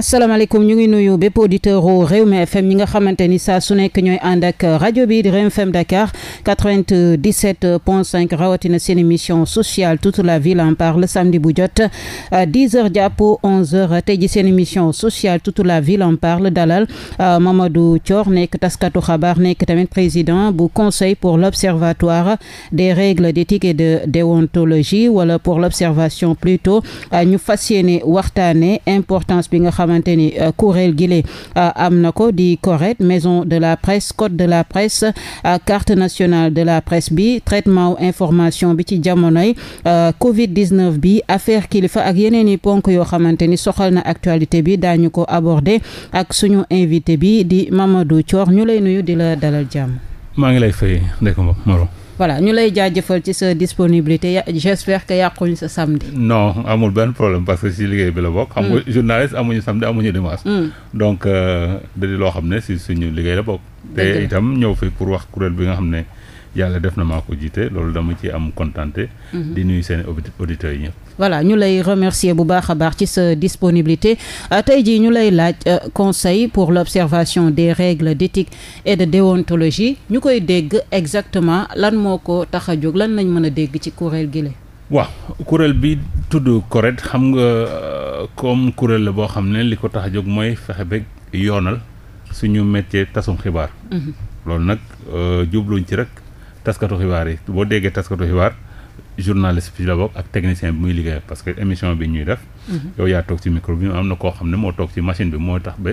asalaamaaleykum ñu ngi nuyu bépp auditeur u Rewmi FM ñi nga xamante ni saa su nekk ñooy ànd ak rajo bi di Rewmi FM Dakar 97.5 rawatina seen émission sociale toute la ville en parle samedi bu jot 10 heures jàpp 11 heures tey ji seen émission sociale toute la ville en parle dalal Mamadou Thior nekk taskatu xabaar nekk tamit président bu conseil pour l'observatoire des règles d'éthique et de déontologie wala pour l'observation plutôt ñu fas yéene waxtaane importance bi nga xam xamante ni euh, kuréel gi euh, am na ko di CORED maison de la presse code de la presse euh, carte nationale de la presse bi traitement information bi ci jamonoy Covid 19 bi affaire kilifa ak yeneen i ponk yoo xamante ni soxal na actualité bi daa ñu ko aborder ak suñu invité bi di Mamadou Thior ñu lay nuyu di la dalal jàmm. voilà ñu lay jaajëfal ci sa disponibilité j'espère que yàquñu sa samedi. non amul benn problème parce que si liggéey bi la bokk. xam nga mm. journaliste amuñu samedi amuñu dimanche. Mm. donc euh, da loo xam ne si suñu liggéey la bokk. te itam ñëw fi pour wax kuréel bi nga xam ne. yàlla def na maa ko jiite loolu dama ci am kontante mhm. di nuyu seen auditeurs yi ñëpp voilà ñu lay remercier bu baax a baax ci sa disponibilité euh, tey jii ñu lay laaj euh, conseil pour l'observation des règles d'éthique et de déontologie ñu koy dégg exactement lan moo ko tax a jóg lan lañ mën a dégg ci kuréel gi la waaw kuréel bi tudd CORED xam nga euh, comme kuréel la boo xam ne li ko tax a jóg mooy fexe ba yoonal suñu métier tasum xibaar mhm. loolu nag jubluñ ci rek taskatu xibaar yi boo déggee taskatu xibaar journaliste bi ci la bokk ak technicien bi muy liggéey parce que émission bi ñuy def mhm. yow yaa toog ci micro bi am na koo xam ne moo toog ci machine bi moo tax ba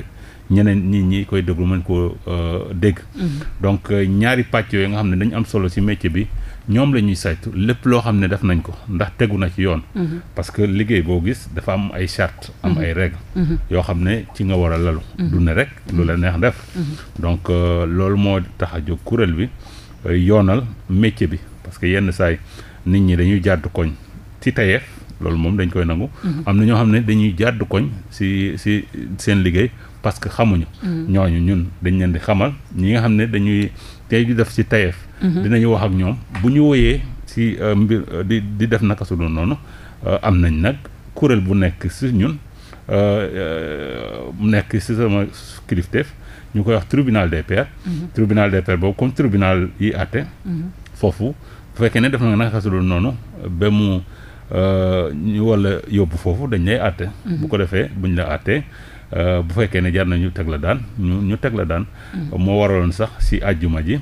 ñeneen nit ñi koy déglu mën koo euh, dégg mhm. donc euh, ñaari pàcc yooyu nga xam ne dañu am solo ci métier bi ñoom la ñuy saytu lépp loo xam ne def nañ ko ndax tegu na ci yoon mhm. parce que liggéey boo gis dafa am ay charte am ay règle yoo xam ne ci nga war a lalu du ne rek lu la neex def donc euh, loolu moo tax kuréel bi yoonal métier bi parce que yenn saay nit ñi dañuy jàdd koñ ci tayeef loolu moom dañ koy nangu mm-hmm. am na ñoo xam ne dañuy jàdd koñ si si seen liggéey parce que xamuñu mm-hmm. ñooñu ñun dañ leen di xamal ñi nga xam ne dañuy tey di def si tayeef mm-hmm. dinañu wax ak ñoom bu ñu woyee si euh, mbir euh, di di def naka su dul noonu euh, am nañ nag kuréel bu nekk si ñun nekk si sama kilifteef ñu koy wax tribunal des pairs. Mhm. tribunal des pairs boobu comme tribunal yi àtte. Mhm. foofu bu fekkee ne def na naka su noonu ba mu euh, ñu wala yóbbu foofu dañ lay àtte. Mhm. bu ko defee buñ la àttee euh, bu fekkee ne jar nañu teg la daan ñu ñu teg la daan. moo waraloon sax si àjjuma ji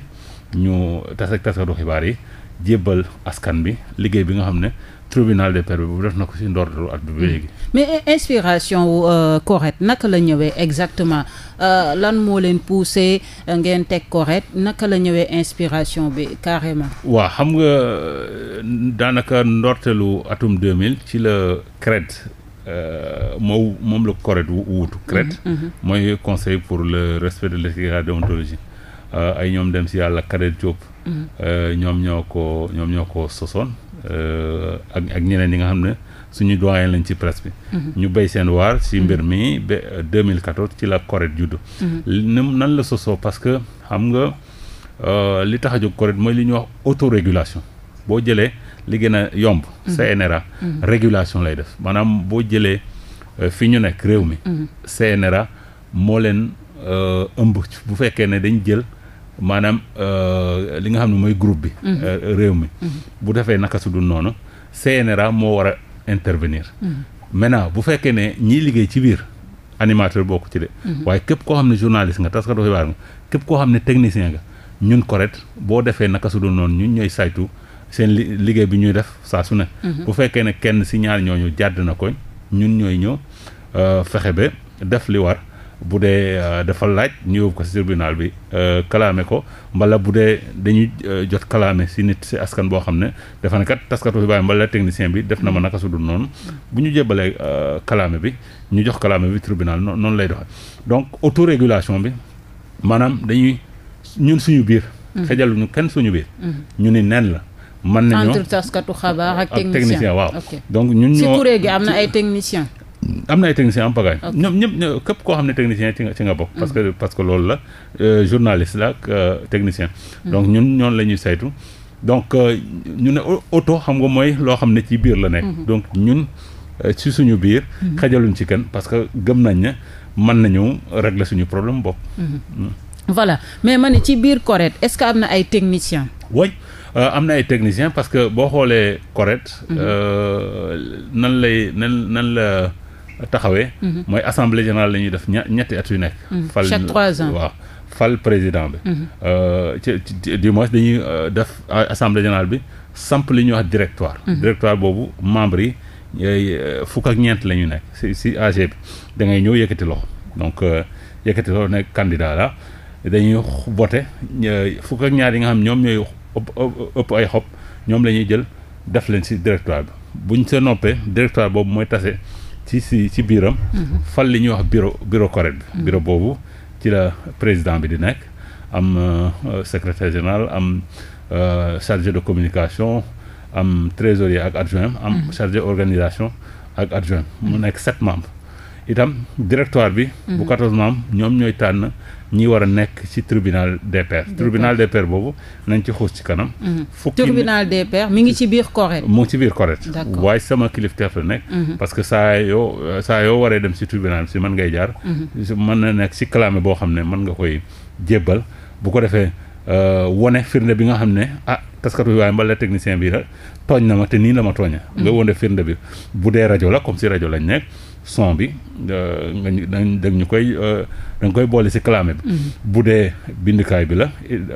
ñu tas ak tasaru xibaar yi jébbal askan bi liggéey bi nga xam ne. tribunal de Paris bu def na ko ci ndorteelu at bi hmm. léegi. mais inspiration wu euh, CORED naka la ñëwee exactement euh, lan moo leen poussé euh, ngeen teg CORED naka la ñëwee inspiration bi carrément. waa xam nga daanaka ndorteelu atum 2000 ci la CRED moo moom la CORED wuutu. CRED hmm, hmm. mooy conseil pour le respect de l'éthique et la ay ñoom dem ci yàlla Kader Diop. ñoom ñoo ñoom ñoo ko sosoon. Euh, ak ak ñeneen yi nga xam ne suñu doyen lañ ci presse bi. Mhm. ñu béy seen waar si mbir mhm. mi ba 2014 euh, ci la CORED juddu. Mhm. nan la sosoo parce que xam nga euh, li tax a jóg CORED mooy li ñuy wax autorégulation boo jëlee li gën a yomb. CNRA. régulation lay def maanaam boo jëlee fi ñu nekk réew mi. CNRA moo leen ëmb bu fekkee ne dañ jël. maanaam euh, li nga xam ne mooy groupe bi. Mhm. Euh, réew mi. Mhm. bu defee naka su dul noonu CNRA moo war intervenir. Mhm. maintenant bu fekkee ne ñiy liggéey ci biir animateur bokk ci de. waaye képp koo xam ne journaliste nga taskatu xibaar nga képp koo xam ne technicien nga ñun correct boo defee naka su dul noonu ñun ñooy saytu seen li liggéey bi ñuy def saa su ne. bu fekkee ne kenn si ñaar ñooñu jàdd na ko ñun ñooy ñëw euh, fexe ba def li war. bu dee euh, dafa laaj ñu yóbbu ko ci tribunal bi euh, kalaame ko mbala bu dee dañuy euh, jot kalaame ci nit ci askan boo xam ne dafa ne kat taskatu xibaar mbala technicien bi def na ma naka su dul noonu bu ñu jébbalee kalaame bi ñu jox kalaame bi tribunal noonu lay doxee donc autorégulation bi maanaam dañuy ñun suñu biir. xejaluñu mm-hmm. kenn suñu biir. Mm-hmm. ñu ni nen la. mën nañoo entre taskatu xabaar ak. technicien waaw donc ñun ñoo ci kuréel gi am na ay technicien am na ay techniciens en pagaille. ñoom ñëpp képp koo xam ne technicien ci nga ci bokk. parce que mm. parce que loolu la euh, journaliste la ak euh, technicien. Mm. donc ñun ñoon la saytu. donc euh, ñu ne oto xam nga mooy loo xam ne ci biir la nekk. Mm-hmm. donc ñun ci suñu biir. Mm-hmm. xajaluñ ci kenn parce que gëm nañ ne mën nañu régler suñu problème bopp. Mm-hmm. Mm. voilà mais ma ne ci biir CORED est-ce que am na ay techniciens. oui am na ay techniciens parce que boo xoolee CORED. nan lay nan nan la. taxawee. Mhm. mooy assemblée générale la ñuy def ña ñetti at yu nekk. Mhm. fal waaw fal président bi. Mhm. Euh, ci du moins dañuy euh, def assemblée générale bi samp lu ñuy wax directoire. directoire boobu membre yi. yooyu euh, fukk ak ñeent la ñu nekk si si AG bi da ñëw yëkkati loxo donc yëkkati loxo nekk kandidaa la dañuy voté fukk ak ñaar yi nga xam ñoom ñooy ëpp ay xob ñoom la ñuy jël def leen si directoire bi buñ sa noppee directoire boobu mooy tase ci si ci biiram. Mhm. fal li ñuy wax bureau bureau CORED bi. Mhm. bureau boobu ci la président bi di nekk am euh, secrétaire général am euh, chargé de communication am trésorier ak adjoint am mhm. chargé organisation ak adjoint mu nekk sept membre itam directoire bi. bu quatorze membres ñoom ñooy tànn. ñi war a nekk ci tribunal des pairs. tribunal de pairs boobu nañ ci xuus ci kanam. Mhm. fukki tribunal des pairs mi ngi ci biir correct. mu ngi ci biir correct. waaye sama kilifteef la nekk. Mhm. parce que saa yoo saa yoo waree dem ci tribunal si man ngay jaar. Mhm. mën na nekk ci clamé boo xam ne mën nga koy jébbal bu ko defee. Euh, wone firnde bi nga xam ne ah taskatu waaye mbala technicien bi la tooñ na ma te nii la ma tooña nga wone firnde bi bu dee rajo la comme si rajo lañ nekk son bi euh, nga da ñu koy euh, da koy boole si clamé bi. Mhm. bu dee bindukaay bi la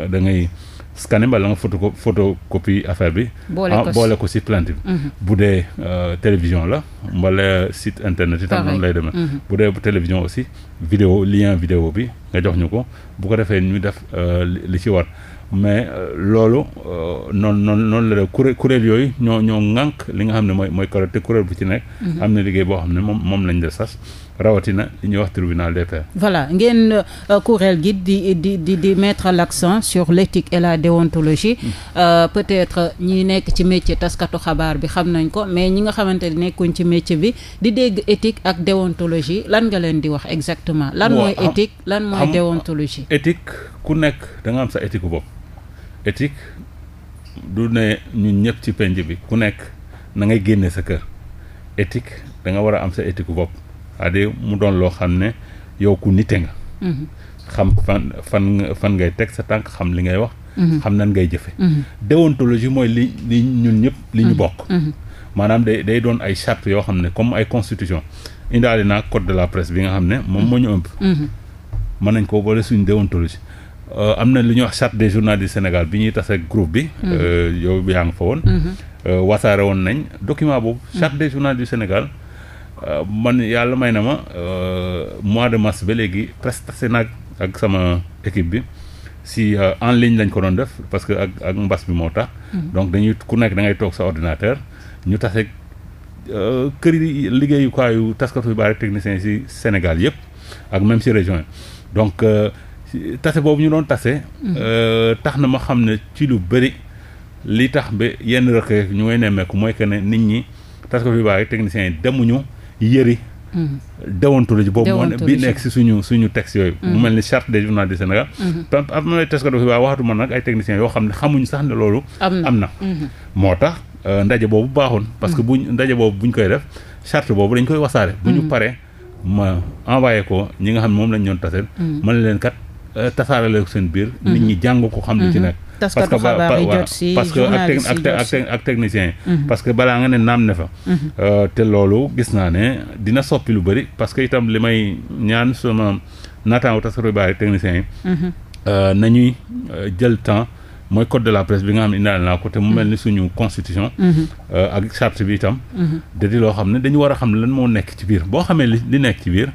da ngay scanner mbala nga photo photocopie affaire bi. boole ah, ko ci plainte bi. Mhm. bu dee euh, télévision la mbala site internet itam noonu lay demee. Mhm. bu dee télévision aussi vidéo lien vidéo bi nga jox ñu ko bu ko defee ñu def li ci war. mais euh, loolu noonu euh, noonu noonu la kuré kuréel yooyu ñoo ñoo ŋànk li nga xam ne mooy mooy karo te kuréel bu ci nekk. Mhm. am na liggéey boo xam ne moom moom lañ la sas rawatina li ñuy wax tribunal des pairs. voilà ngeen euh, kuréel gi di di di di mettre l'accent sur l'éthique et la déontologie. Mhm. peut-être ñi nekk ci métier taskatu xabaar bi xam nañ ko mais ñi nga xamante ne nekkuñ ci métier bi di dégg étique ak déontologie lan nga leen di wax exactement. lan mooy éthique lan mooy déontologie. éthique ku nekk da nga am sa éthique bopp. éthique du ne ñun ñëpp ci penj bi ku nekk na ngay génne sa kër éthique da nga war a am sa éthique bopp cest à mu doon loo xam ne yow ku nite nga mhm. xam fan fan fan ngay teg sa tànk xam li ngay wax mhm. xam nan ngay jëfe mhm. déontologie mooy li li ñun ñëpp li ñu bokk maanaam day day doon ay charte yoo xam ne comme ay constitution indaale naa code de la presse bi nga xam ne moom moo ñu ëmb mën nañ ko boole suñ déontologie Euh, am na lu ñuy wax charte des journalistes du Sénégal bi ñuy tas ak bi. Mm-hmm. Euh, yow yaa ngi fa woon. Mm-hmm. Euh, wasaare woon nañ document boobu. Mm-hmm. charte des journalistes du Sénégal man yàlla may na ma mois de mars ba léegi presque tase nag ak sama équipe bi. si en ligne lañ ko doon def parce que ak ak mbas bi moo tax. donc dañuy ku nekk da ngay toog sa ordinateur. ñu tase kër yi liggéeyukaayu taskatu xibaar techniciens yi si Sénégal yëpp ak même si région yi tase boobu ñu doon tase. Mm. Euh, tax na ma xam ne ci lu bëri li tax ba yenn rëq ñu ngay nemmeeku mooy que ne nit ñi tas ko fi baax techniciens yi demuñu yëri. Mm. déontologie boobu moo bi nekk si suñu suñu texte yooyu mm. mu mel ni charte des journalistes du Sénégal mm-hmm. am ma test ko dafa waaye waxatu ma nag ay techniciens yoo xam ne xamuñu sax ne loolu am na mm-hmm. moo tax euh, ndaje boobu baaxul parce que buñ ndaje boobu buñ koy def charte boobu dañ koy wasaare bu ñu mm-hmm. paree ma envoyé ko ñi nga xam moom lañ ñoon taseel Euh, tasaare la seen biir. Mm-hmm. nit ñi jàng ko xam ne ci mm-hmm. nekk. parce que parce que mm-hmm. parce que balaa nga ne naam ne fa. Euh, te loolu gis naa ne dina soppi lu bëri parce que itam li may ñaan sama naataango tasaare baari technicien yi. Euh, nañuy jël temps. mooy code de la presse bi nga xam ne indaale naa ko te mu mel ni suñu constitution. ak charte bi itam. da loo xam ne dañu war a xam lan moo nekk ci biir boo xamee li nekk ci biir.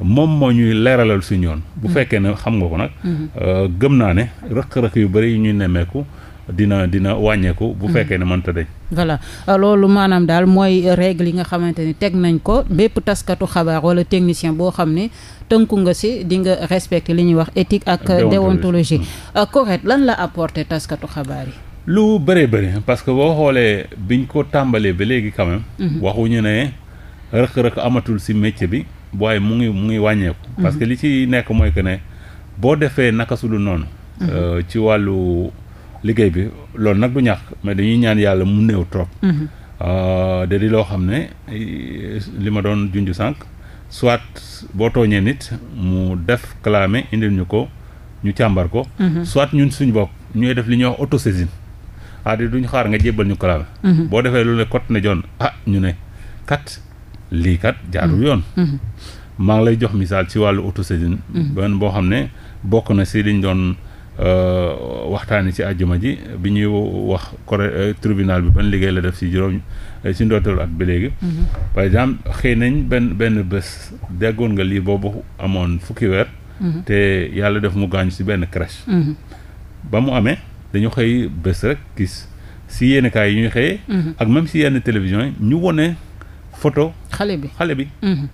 moom moo ñuy leeralal si ñoon bu mm-hmm. fekkee ne xam nga ko nag. Mm-hmm. Euh, gëm naa ne rëq-rëq yu bëri yu ñuy nemmeeku. dina dina wàññeeku. bu mm-hmm. fekkee ne mënta dañ. voilà euh, loolu maanaam daal mooy règle yi nga xamante ni teg nañ ko bépp taskatu xabaar wala technicien boo xam ne tënku nga si di nga respecté li ñuy wax éthique ak. déontologie euh, correct lan la apporté taskatu xabaar yi. lu bëree bëri parce que boo xoolee biñ ko tàmbalee ba léegi quand même. waxuñu ne rëq-rëq amatul si métier bi. waaye mu ngi mu ngi wàññeeku. Mm-hmm. parce que li ci nekk mooy que ne boo defee naka su dul noonu. Mm-hmm. Euh, ci wàllu liggéey bi loolu nag du ñàkk mais dañuy ñaan yàlla mu néew trop. Mm-hmm. Euh, da di loo xam ne li ma doon junj sànq soit boo tooñee nit mu def clamé indi ñu ko ñu càmbar ko. soit ñun suñ bopp ñooy def li ñuy wax autosaisine ah di xaar nga jébbal ñu clamé. boo defee lu ne cote ne jon ah ñu ne kat. lii kat jaarul mm-hmm. yoon. Mm-hmm. maa ngi lay jox misaal ci wàllu autosaisine. Mm-hmm. benn boo xam ne bokk na si liñ doon euh, waxtaanee ci àjjuma ji bi ñuy wax coré euh, tribunal bi ban liggéey la def si juróom si euh, ndorteelu at xëy nañ benn benn bés déggoon nga lii boobu amoon fukki weer. te def mu gaañu si benn crèche. ba mu amee dañu xëy bés rek gis si yenn kaay yi ñuy xëyee. ak même si yenn télévision yi ñu wone photo xale bi xale bi mhm.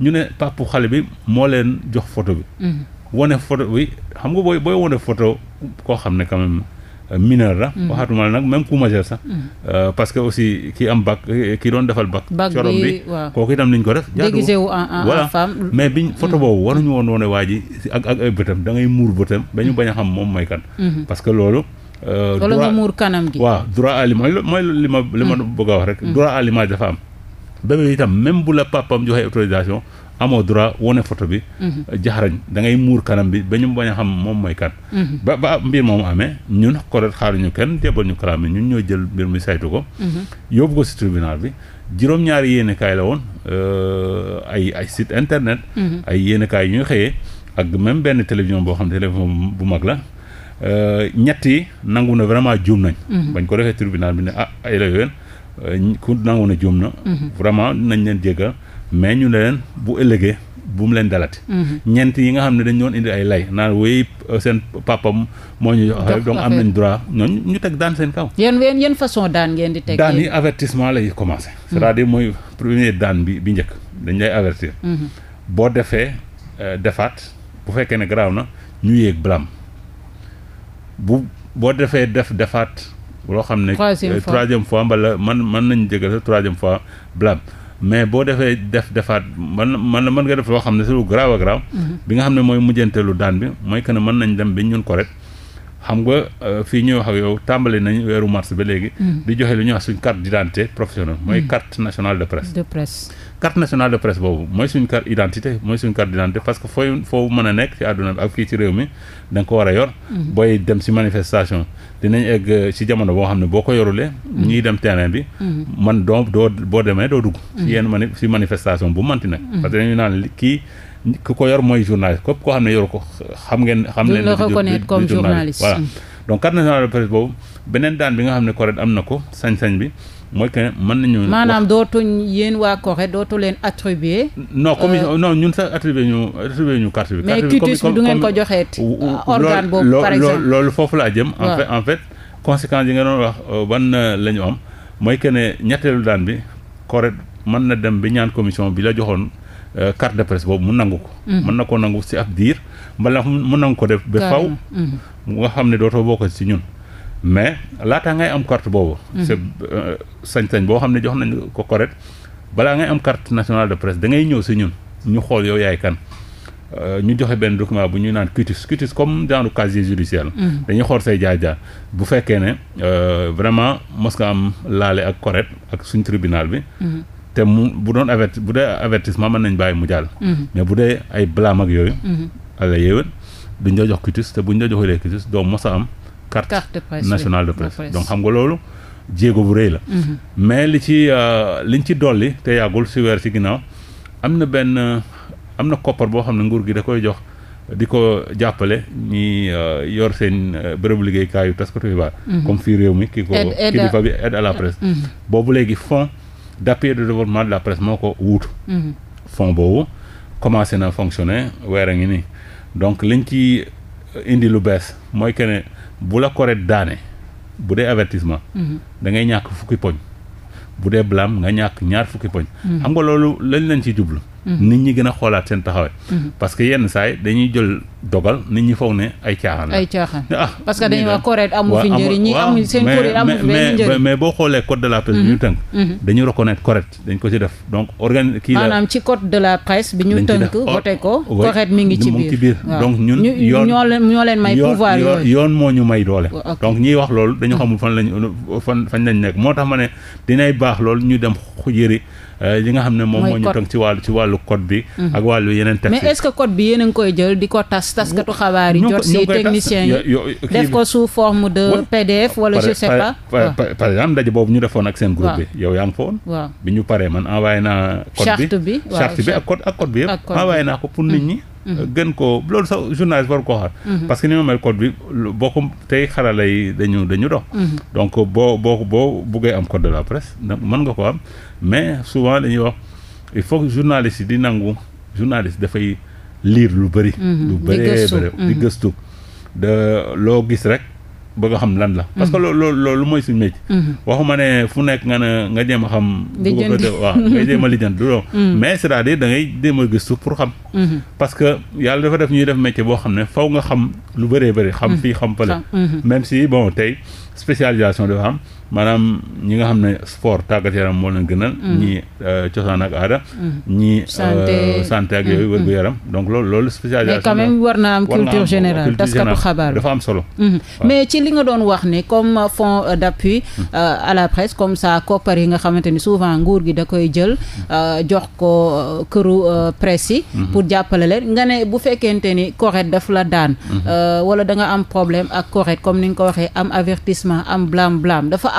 ñu ne papu xale bi moo leen jox photo bi mhm. wane photo bi xam nga booy booy wane photo koo xam ne quand euh, mineur la mhm. waxaatuma la nag même ku majeur sax euh, parce aussi ki am bac ki doon defal bac corom bi kooku itam niñ ko def déguisé wu en femme mais biñ photo boobu waruñu woon woone waa ji ak ak ay bëtam da ngay muur bëtam ba ñu bañ a xam moom mooy kan parce que loolu euh, wala nga muur kanam gi waaw droit à bëgg a wax rek droit dafa am bébé itam même bu la papam joxee autorisation amoo droit wane photo bi. Mhm. jaxarañ da ngay muur kanam bi ba ñu bañ a xam moom mooy kan. Mhm. ba ba mbir moom amee ñun CORED xaaruñu kenn jébal ñu kalaam ñun ñoo jël mbir mu saytu ko. Mhm. yóbbu ko si tribunal bi juróom-ñaari yéenekaay la woon euh, ay ay site internet. ay yéenekaay yu ñuy xëyee ak même benn télévision boo xam ne télévision bu mag la. Euh, ñett yi nangu na vraiment juum nañ. bañ ko defee tribunal bi ne ah ay la yoon ku nangoon a juum na. Mhm. vraiment nañ leen jéggal mais ñu ne leen bu ëllëgee bu mu leen dalati. Mhm. ñeent yi nga xam ne dañ doon indi ay lay naan wéy euh, seen papam moo ñu jox donc am nañ droit ñooñu ñu teg daan seen kaw. yéen yéen yéen façon daan ngeen di teg. daan yi avertissement lay commencé. Mhm. c'est-à-dire mooy premier daan bi njëkk dañ lay avertir. boo defee euh, defaat bu fekkee ne garaaw na ñu yéeg blâme bu boo defee def defaat. loo xam ne troisième fois mbala man mën nañ jégal sa troisième fois blâme mais boo defee def defaat man man mën nga def loo xam ne c'est lu grave a grave mm-hmm. bi nga xam ne mooy mujjanteelu daan bi mooy que ne mën nañ dem bi ñun ko correct xam nga euh, fii ñuy wax ak yow tàmbali nañ weeru mars ba léegi. Mm. di joxe li ñuy wax suñ carte d' identité professionnelle. Mm. mooy carte nationale de presse. de presse carte nationale de presse boobu mooy suñ carte identité mooy suñ carte d' identité parce que fooy foo mën a nekk ci àdduna bi ak fii ci réew mi da ko war a yor. Mm. booy dem si manifestation dinañ egg si euh, jamono boo xam ne boo ko yorulee. ñuy dem terrain bi. man doo doo demee doo dugg. si yenn mani si manifestation bu manti ku ko yor mooy journaliste képp koo xam ne yor ko xam ngeen xam leen la reconnaître comme journaliste voilà mm. donc carte nationale de presse boobu beneen daan bi nga xam ne CORED am na ko sañ-sañ bi mooy que mën nañu maanaam dootuñ yéen waa CORED dootu leen attribuer no commission euh, non ñun sax attribuer ñu attribuer ñu carte bi mais quitus bi du ngeen ko joxeet euh, organe boobu par loolu foofu laa jëm en fait en fait conséquence yi nga doon wax euh, ban la ñu am mooy que ne ñetteelu daan bi CORED mën na dem bi ñaan commission bi la joxoon Euh, carte de presse boobu mu nangu ko. Mm. mën na koo nangu si ab diir mbala mu nangu ko def. ba faw mm-hmm. nga xam ne dootoo bokk si ñun. mais laataa ngay am carte boobu. Mm-hmm. c'est euh, sañ-sañ boo xam ne jox nañ ko correct balaa ngay am carte nationale de presse da ngay ñëw si ñun ñu xool yow yaay kan. Euh, ñu joxe benn document bu ñuy naan quitus quitus comme genre casier judiciaire la. Mm-hmm. dañuy xool say jaar-jaar bu fekkee ne vraiment mos nga am laale ak correct ak suñ tribunal bi. te mu bu doon averti bu dee avertissement mën nañ bàyyi mu jàll. Mhm. mais bu dee ay blâme ak yooyu. Mhm. ala yéwén duñ la jox quitus te buñ la joxulee quitus doo mos a am. carte nationale de presse donc xam nga loolu jéego bu rëy la. Mhm. mais li ci euh, liñ ci dolli te yàggul si weer si ginnaaw am na benn am na koppar boo xam ne nguur gi da koy jox di ko jàppale ñi euh, yor seen euh, bërëbu liggéeykaayu taskatu xibaar. comme fii réew mi. kii ko kilifa bi aide à la presse. boobu léegi fond. d'appui et de développement de la presse moo ko wuutu. Mhm. fonds boobu commencé na fonctionner weer a ngi nii donc lañ ci indi lu bees mooy que ne bu la correct daane bu dee avertissement. Mhm. da ñàkk fukki poñ. bu dee blâme nga ñàkk ñaar fukki poñ. Mhm. xam nga loolu lañ lañ ci jublu. nit ñi gën a xoolaat seen taxawee. parce yenn saa dañuy jël dogal nit ñi foog ne ay caaxaan ay caaxaan ah parce que dañuy wax CORED amu fi njëriñ ñi amu seen kuréel amu fi njëriñ mais boo de la presse bi ñu mhm. tënk mhm. dañu ko ci oh, mi ngi ci biir donc ñun ñoo leen may pouvoir yoon moo ñu may doole donc ñiy wax loolu dañu xamul fañ lañ nekk moo tax ma ne dinay baax loolu ñu dem xujëri euh, li nga xam ne moom moo ñu tënk ci wàllu ci wàllu code bi mhm. ak wàllu yeneen texte mais est code bi yéen a koy jël di ko tas taskatu xabaar yi jot si technicien yi def ko sous forme de pdf wala je sais pas par exemple ndaje boobu ñu defoon ak seen groupe bi yow yaa ngi fa woon waaw bi ñu paree man envoyé naa code bi charte bi ak code ak code bi yëpp envoyé naa ko pour nit ñi mm-hmm. Mm-hmm. gën ko loolu sax journaliste war koo xaar mm-hmm. parce que ni ma mel code bi boo ko tey xarala yi dañu dañu dox donc boo boo boo buggee am code de la presse mën nga ko am mais souvent dañuy wax il faut que journaliste yi di nangu journaliste dafay lire lu bëri. Mhm. lu bëree bëri di mhm. gëstu. de loo gis rek bëgg xam lan la. parce que loolu mhm. loolu mooy suñu métier. waxuma ne fu nekk nga ne nga jéem a xam. du ko ko waaw nga jéem a lijjanti du loolu. mais c'est-à-dire da gëstu pour xam. parce que yàlla dafa def ñuy def métier boo xam ne faw nga xam lu bëree bëri. xam fii xam fële. même si bon tey spécialisation dafa am. maanaam ñi nga xam ne sport tàggat yaram moo leen gënal. Mm. ñii euh, cosaan ak aada. Mm. ñii euh, santé ak mm, yooyu wér gu yaram donc loolu loolu spécialisation. mais war na am culture générale taskatu xabaar dafa am solo. Mm-hmm. mais ci li nga doon wax ne comme fonds d'appui euh, à la presse comme ça koppar yi nga xamante ni souvent nguur gi da koy jël jox ko këru presse yi. Mm-hmm. pour jàppale leen nga ne bu fekkente ni correct daf la daan. Mm-hmm. wala da am problème ak correct comme ni nga ko waxee am avertissement am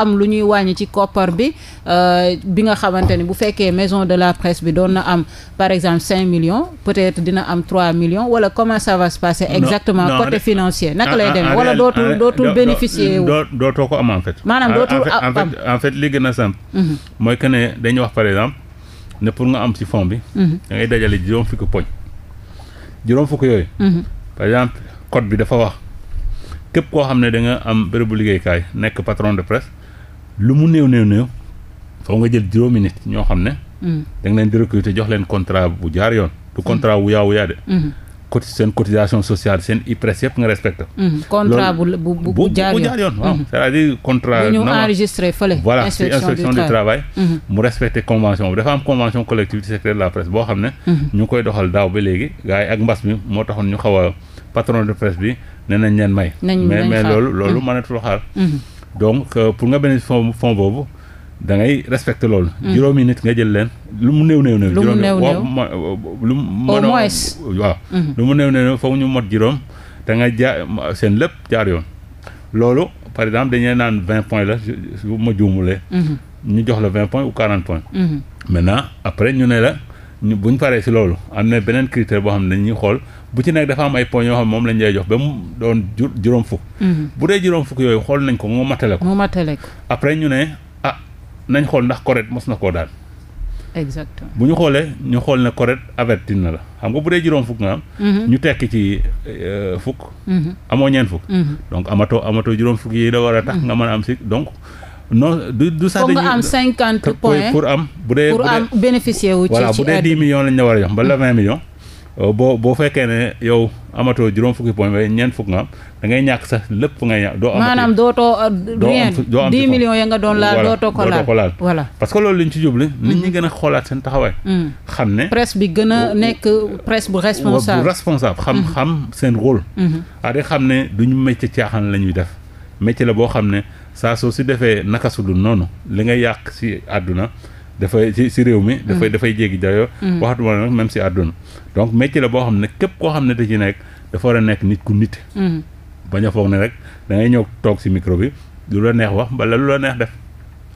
am lu ñuy wàññi ci koppar bi euh, bi nga xamante ni bu fekkee maison de la presse bi doon na am par exemple cinq millions peut-être dina am trois millions wala comment ça va se exactement côté financier naka lay ah, ah, demee wala dootul dootul bénéficier dootoo ko am en fait maanaam ah, dootul am en fait li gën a simple mhm. mooy que ne dañuy wax par exemple ne pour nga am ci fond bi mhm. da ngay dajale juróom fukki yooyu mhm. par exemple code bi dafa wax képp koo xam ne da nga am bërëbu liggéeykaay nekk patron de presse lu mu néew néew néew faw nga jël juróomi nit ñoo xam ne. Mm. da leen di recruter jox leen contrat bu jaar yoon. du mm. contrat wuyaa wuyaa de. Mm-hmm. coti seen cotisation sociale seen IPRES yëpp nga respecté. Mm-hmm. contrat bu bu bu jaar yoon bu jaar yoon waaw. Mm-hmm. c'est-à-dire contrat. bu ñu enregistré fële. voilà ci inspection mu respecté convention bi dafa am convention collective du la presse boo xam ne. ñu koy doxal daaw ba léegi gars ak mbas mi moo taxoon ñu xaw a patron de presse bi nee nañ leen may. mais donc euh, pour nga bénéficier fonds boobu da ngay respecté loolu. Mm. juróomi nit nga jël leen. lu mu néew néew néew. lu mu néew euh, lu mu au moins mm-hmm. mu néew néew foog ñu mot juróom da nga ja seen lépp jaar yoon. loolu par exemple dañuy naan vingt points la su ma juumulee. Mm-hmm. ñu jox la vingt points ou quarante points. Mm-hmm. maintenant après ñu ne la ñu bu ñu paree si loolu am na beneen critère boo xam ne dañuy xool. bu ci nekk dafa am ay poñ yoo xam moom lañ lay jox ba mu doon juróom fukk. Mhm. bu dee juróom fukk yooyu xool nañ ko moo matale ko. moo matale ko après ñu ne a ah, nañ xool ndax correct mos na koo daan. exactement bu ñu xoolee ñu xool ne correct averti na la xam nga bu dee juróom fukk nga am. Mhm. ñu tekki ci euh, fukk. Mhm. amoo ñeent fukk. donc amatoo amatoo juróom fukk yi da war a tax nga mën am si donc. non du du sax dañuy pour nga am cinquante points pour am. bu dee pour am bénéficier wu la war jox mbala vingt millions. Euh, boo boo fekkee ne yow amatoo juróom fukki point waaye ñeent fukk nga am ñàkk sax lépp fu ngay ñàkk doo am maanaam dootoo euh, doo am dix millions doon laal dootoo ko laal voilà parce que loolu li ñu ci jublu nit ñi mm. gën a xoolaat seen taxawaay mm. xam ne presse bi gën a nekk presse bu responsable responsable xam mm. xam seen rôle mm-hmm. ade xam ne duñu métier caaxaan la ñuy def métier la boo xam ne saa soo si defee naka su noonu li nga yàq si àdduna dafay ci si réew mi. dafay mm. dafay jéggi dayoo. Mm. waxatuma nag même si àdduna. donc métier la boo xam ne képp koo xam ne da ci nekk dafa war a nekk nit ku nit. Mm. bañ a foog ne rek da ngay ñëw toog si micro bi lu la neex wax wala lu la neex def.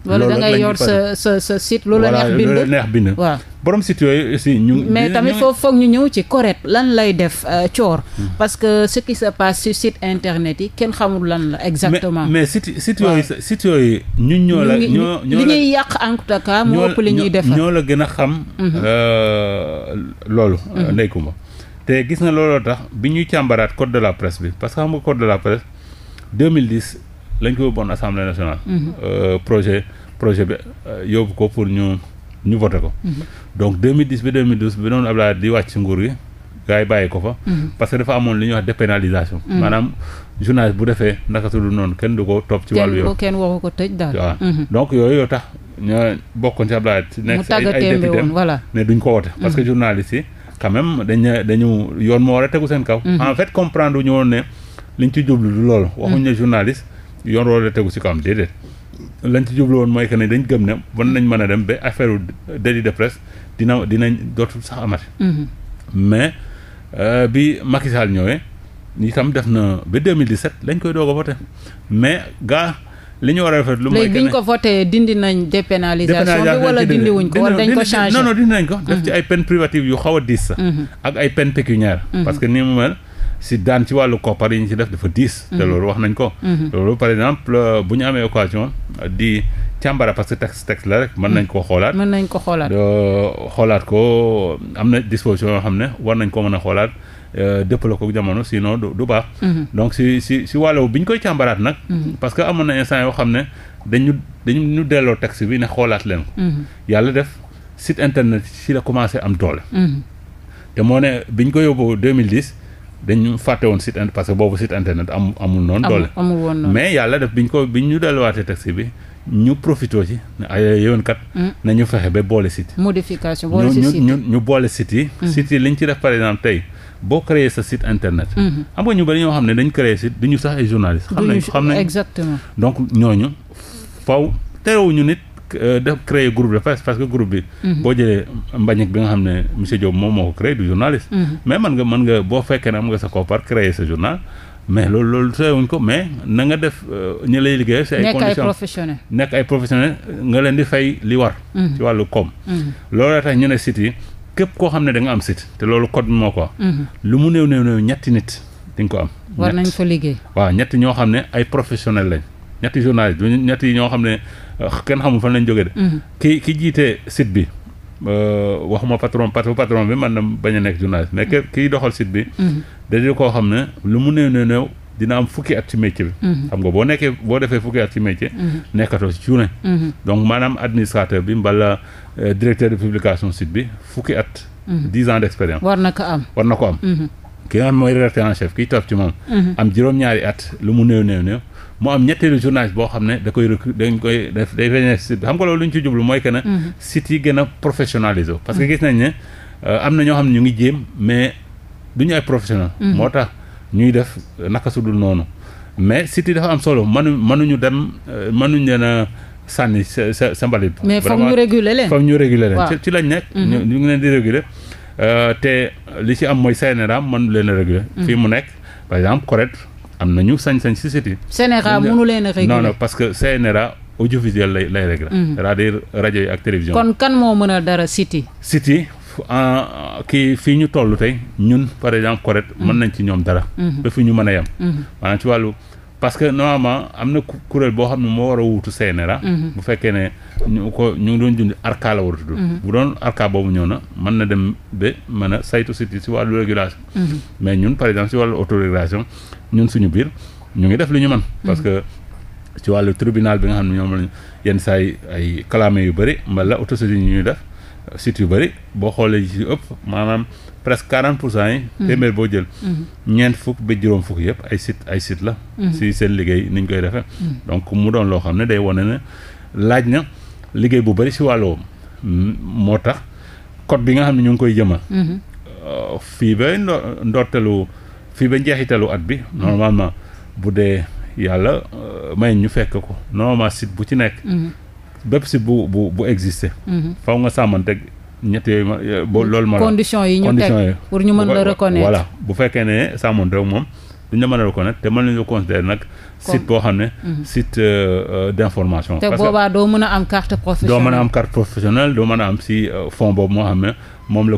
loolu da ngay yor sa sa sa site lu la bind. wala lu la neex bind. waaw borom site yooyu aussi ñu. mais tamit foofu foog ñu ñëw ci correct lan lay def coor. Euh, hmm. parce que ce qui se passe sur site internet yi kenn xamul lan la. exactement mais mais site site yooyu site yooyu. ñun ñoo la ñoo ñoo li ñuy yàq en tout cas moo ëpp li ñuy defar ñoo la gën a xam. Hmm. Euh, loolu. Hmm. Euh, Ndeye Comba te gis na looloo tax bi ñuy càmbaraat code de la presse bi parce que xam nga code de la presse 2010 lañ ko yóbboon assemblée nationale. projet projet bi yóbbu ko pour ñu. ñu voté ko. Mhm. donc 2010 bi 2012 bi doon Abdoulaye di wàcc nguur gi gars bàyyi ko fa. Mhm. parce que dafa amoon li ñuy wax dépénalisation. Mhm. maanaam journaliste bu defee naka su dul noonu kenn du ko topp. ci wàllu yoon kenn ko tëj daal. waaw donc yooyu yoo tax si ay ay député ne ko wote. parce que journaliste yi quand même dañu yoon moo war a tegu seen kaw. en fait comprendre ñu woon ne liñ ci jublu du loolu. waxuñ ne journaliste yoon war a tegu si kawam déedéet. lañ ci jublu woon mooy que ne dañ gëm ne wan nañ mën a dem ba affaire u délit de presse dina dinañ dootul sax amati mhm. mais euh, bi Macky Sall itam def na ba 2017 lañ koy doog a voté mais gaa li ñu war a rafetlu mooy que ne léegi bi ñu ko voté dindi nañ dépénalisation bi wala dindi wuñ ko wala dañ ko changé non non dindi nañ ko def ci mhm. ay peine privative yu xaw a diis sax mhm. ak ay peine pécuniaire parce que ni mu mel si daan ci wàllu koppar yi ñu ci def dafa diis. te mhm. loolu wax nañ ko. Mhm. loolu par exemple euh, bu ñu amee occasion di càmbara parce que texte texte la rek. mën nañ ko mhm. xoolaat mën nañ ko xoolaat. Euh, xoolaat ko am na disposition yoo xam ne war nañ ko mën a xoolaat euh, dëppale ko jamono sinon du du baax. donc si si si wàllu bi ñu koy càmbaraat nag. parce que amoon na instant yoo xam ne dañu dañu ñu delloo texte bi ne xoolaat leen ko. yàlla def site internet ci la commencé am doole. te moo ne ko dañu fàtte woon site que boobu site internet am amul noonu doole mais yàlla def biñ ñu delluwaatee taxi bi ñu profitoo ci ay yoon kat mm. nañu fexe ba boole site modification boole site ñu ñu boole site yi mm-hmm. site yi liñ ci def par exemple tey boo créer sa site internet mm-hmm. am nga ñu bari ñoo xam ne dañ créer site du ñu sax ay journaliste xam nañ xam nañ exactement donc ñooñu faw terewuñu nit Euh, def créer groupe de presse parce que groupe bi. Mhm. boo jëlee mbañik bi nga xam ne monsieur Diop moom moo ko créé du journaliste. Mhm. mais man nga mën nga boo fekkee ne am nga sa koppar créer sa journal. mais loolu loolu sewuñ ko mais na nga def euh, ñu lay liggéey. si ay conditions nekk ay professionnel nga leen di fay li war. Mhm. ci wàllu koom. looloo tax ñu ne site yi képp koo xam ne da nga am site te loolu code moo ko. lu mu néew néew néew ñetti nit di ko am. war nañ ko ñetti journaliste du ñetti ñoo xam ne euh, kenn xamul fan lañ jóge de. Mm-hmm. ki ki jiite site bi euh, waxuma patron patron patron bi man na bañ a nekk journaliste mais ki doxal site bi. Mm-hmm. dañu koo xam ne lu mu néew néew néew dina am fukki at ci métier mm-hmm. boo nekkee boo defee fukki at ci métier. nekkatoo ci cuune. bi mbala euh, directeur de publication site bi fukki at. dix ans d' expérience. war na ko am war na ko am. ki nga mu am ñetteelu journage boo xam ne da koy recru dañ koy def day feeñee site bi xam ci jublu mooy que ne. Mhm. site yi gën a professionnalisé parce que mhm. gis nañ ne euh, am na ñoo xam ne ñu ngi jéem mais du ñu ay professionnel. Mhm. moo tax ñuy def naka su noonu. mais site yi dafa am solo manu ñu dem euh, mënuñu leen a sànni sa sa sa bu mais foog ñu réguler leen foog ñu réguler leen. ci lañ nekk. ñu ngi leen di réguler. Euh, te li ci am mooy CNRA mënu leen a réguler. fii mu nekk par exemple correct am nañu sañ-sañ si cité. CNRA mënu leen a réglé non non parce que CNRA audiovisuel lay lay réglé. Mhm. c'est-à-dire rajo yi ak télévision. kon kan moo mën a dara cité. cité ah, kii fii ñu toll tey ñun par exemple correct mhm. mën nañ ci ñoom dara. Mhm. ba ñu mën a yem. maanaam ci wàllu. parce que normalement am na kuréel boo xam ne moo war a wuutu CNRA. Mhm. bu fekkee ne ñu ko ñu ngi doon jund ARCA la war a tudd. Mhm. bu doon ARCA boobu ñëw na mën na dem ba mën a saytu site si wàllu régulation. Mhm. mais ñun par exemple si wàllu autorégulation ñun suñu biir ñu ngi def lu ñu man parce que ci wàllu tribunal bi nga xam ne ñoom lañu yenn saa yi ay clamé yu bëri mbala autosaisine yu ñuy def. sites yu bëri boo xoolee yi si ëpp maanaam presque quarante pour cent yi mhm. téeméer boo jël mhm. ñeent fukk ba juróom fukk yëpp ay site ay site la si mhm. seen liggéey niñ koy defee donc mu doon loo xam ne day wane ne laaj na liggéey bu bëri si wàllu moo tax code bi nga xam ne ñu ngi koy jëmal euh, fii ba ndortelu fii ba njeexitalu at bi normalement bu dee yàlla euh, may ñu fekk ko normalement site bu ci nekk bépp si bu bu bu exister. Mhm. faw nga sàmmanteeg ñett yooyu ma eh, mhm. loolu ma. conditions yi ñu teg pour ñu mën la reconnaître voilà bu fekkee ne sàmmante ak moom duñ la mën a reconnaître te mën nañu la considérer nag. site boo xam ne. Mhm. site euh, euh, d' information. te boobaa doo mën a am carte professionnelle doo mën a am carte professionnelle mën a am si euh, fond boobu moo xam ne moom la.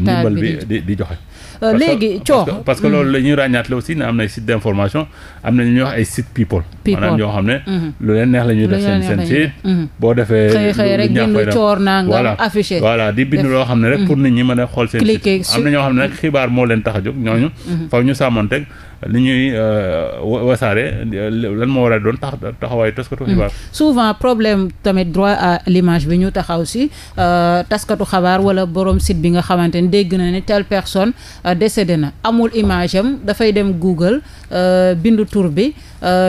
ndimbal bi di di joxe. Euh, léegi coox parce que loolu la ñuy mm. ràññaat la aussi ne am na ay site d' am na ñuy wax ay site people maanaam ñoo xam ne mm-hmm. lu leen neex la ñuy def seen seen site mm-hmm. boo defee xëy xëy rek bind coor naa nga affiché voilà di bind loo xam ne rek pour mm-hmm. nit ñi mën a xool seen site am na ñoo xam ne nag xibaar moo leen tax a jóg ñooñu faw ñu sàmmoon teg li ñuy euh, wasaare lan moo war a doon tax taxawaay taskatu hmm. xibaar. souvent problème tamit droit à l'image bi ñu taxaw si euh, taskatu xabaar wala borom site bi nga xamante ni dégg na ne telle personne euh, décédé na amul image am dafay dem Google bindu tur bi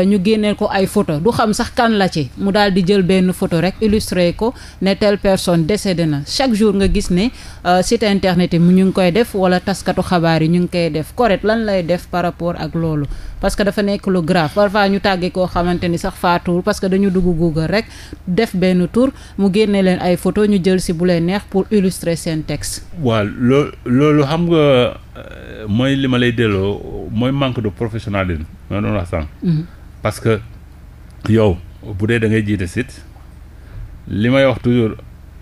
ñu génneel ko ay photo du xam sax kan la ci mu daal di jël benn photo rek illustré ko ne telle personne décédé na chaque jour nga gis ne site internet yi mu ñu ngi koy def wala taskatu xabaar yi ñu ngi koy def correct lan lay def par rapport. ak loolu parce que dafa nekk lu grave parfois ñu tàggee koo xamante ni sax faatuwul parce que dañu dugg Google rek def benn tour mu génnee leen ay photo ñu jël si bu leen neex pour illustrer seen texte. waaw loo loolu xam nga euh, mooy li ma lay delloo mooy manque de professionnalisme ma doon wax sànq. Mhm. parce que yow bu dee da ngay jiite site li may wax toujours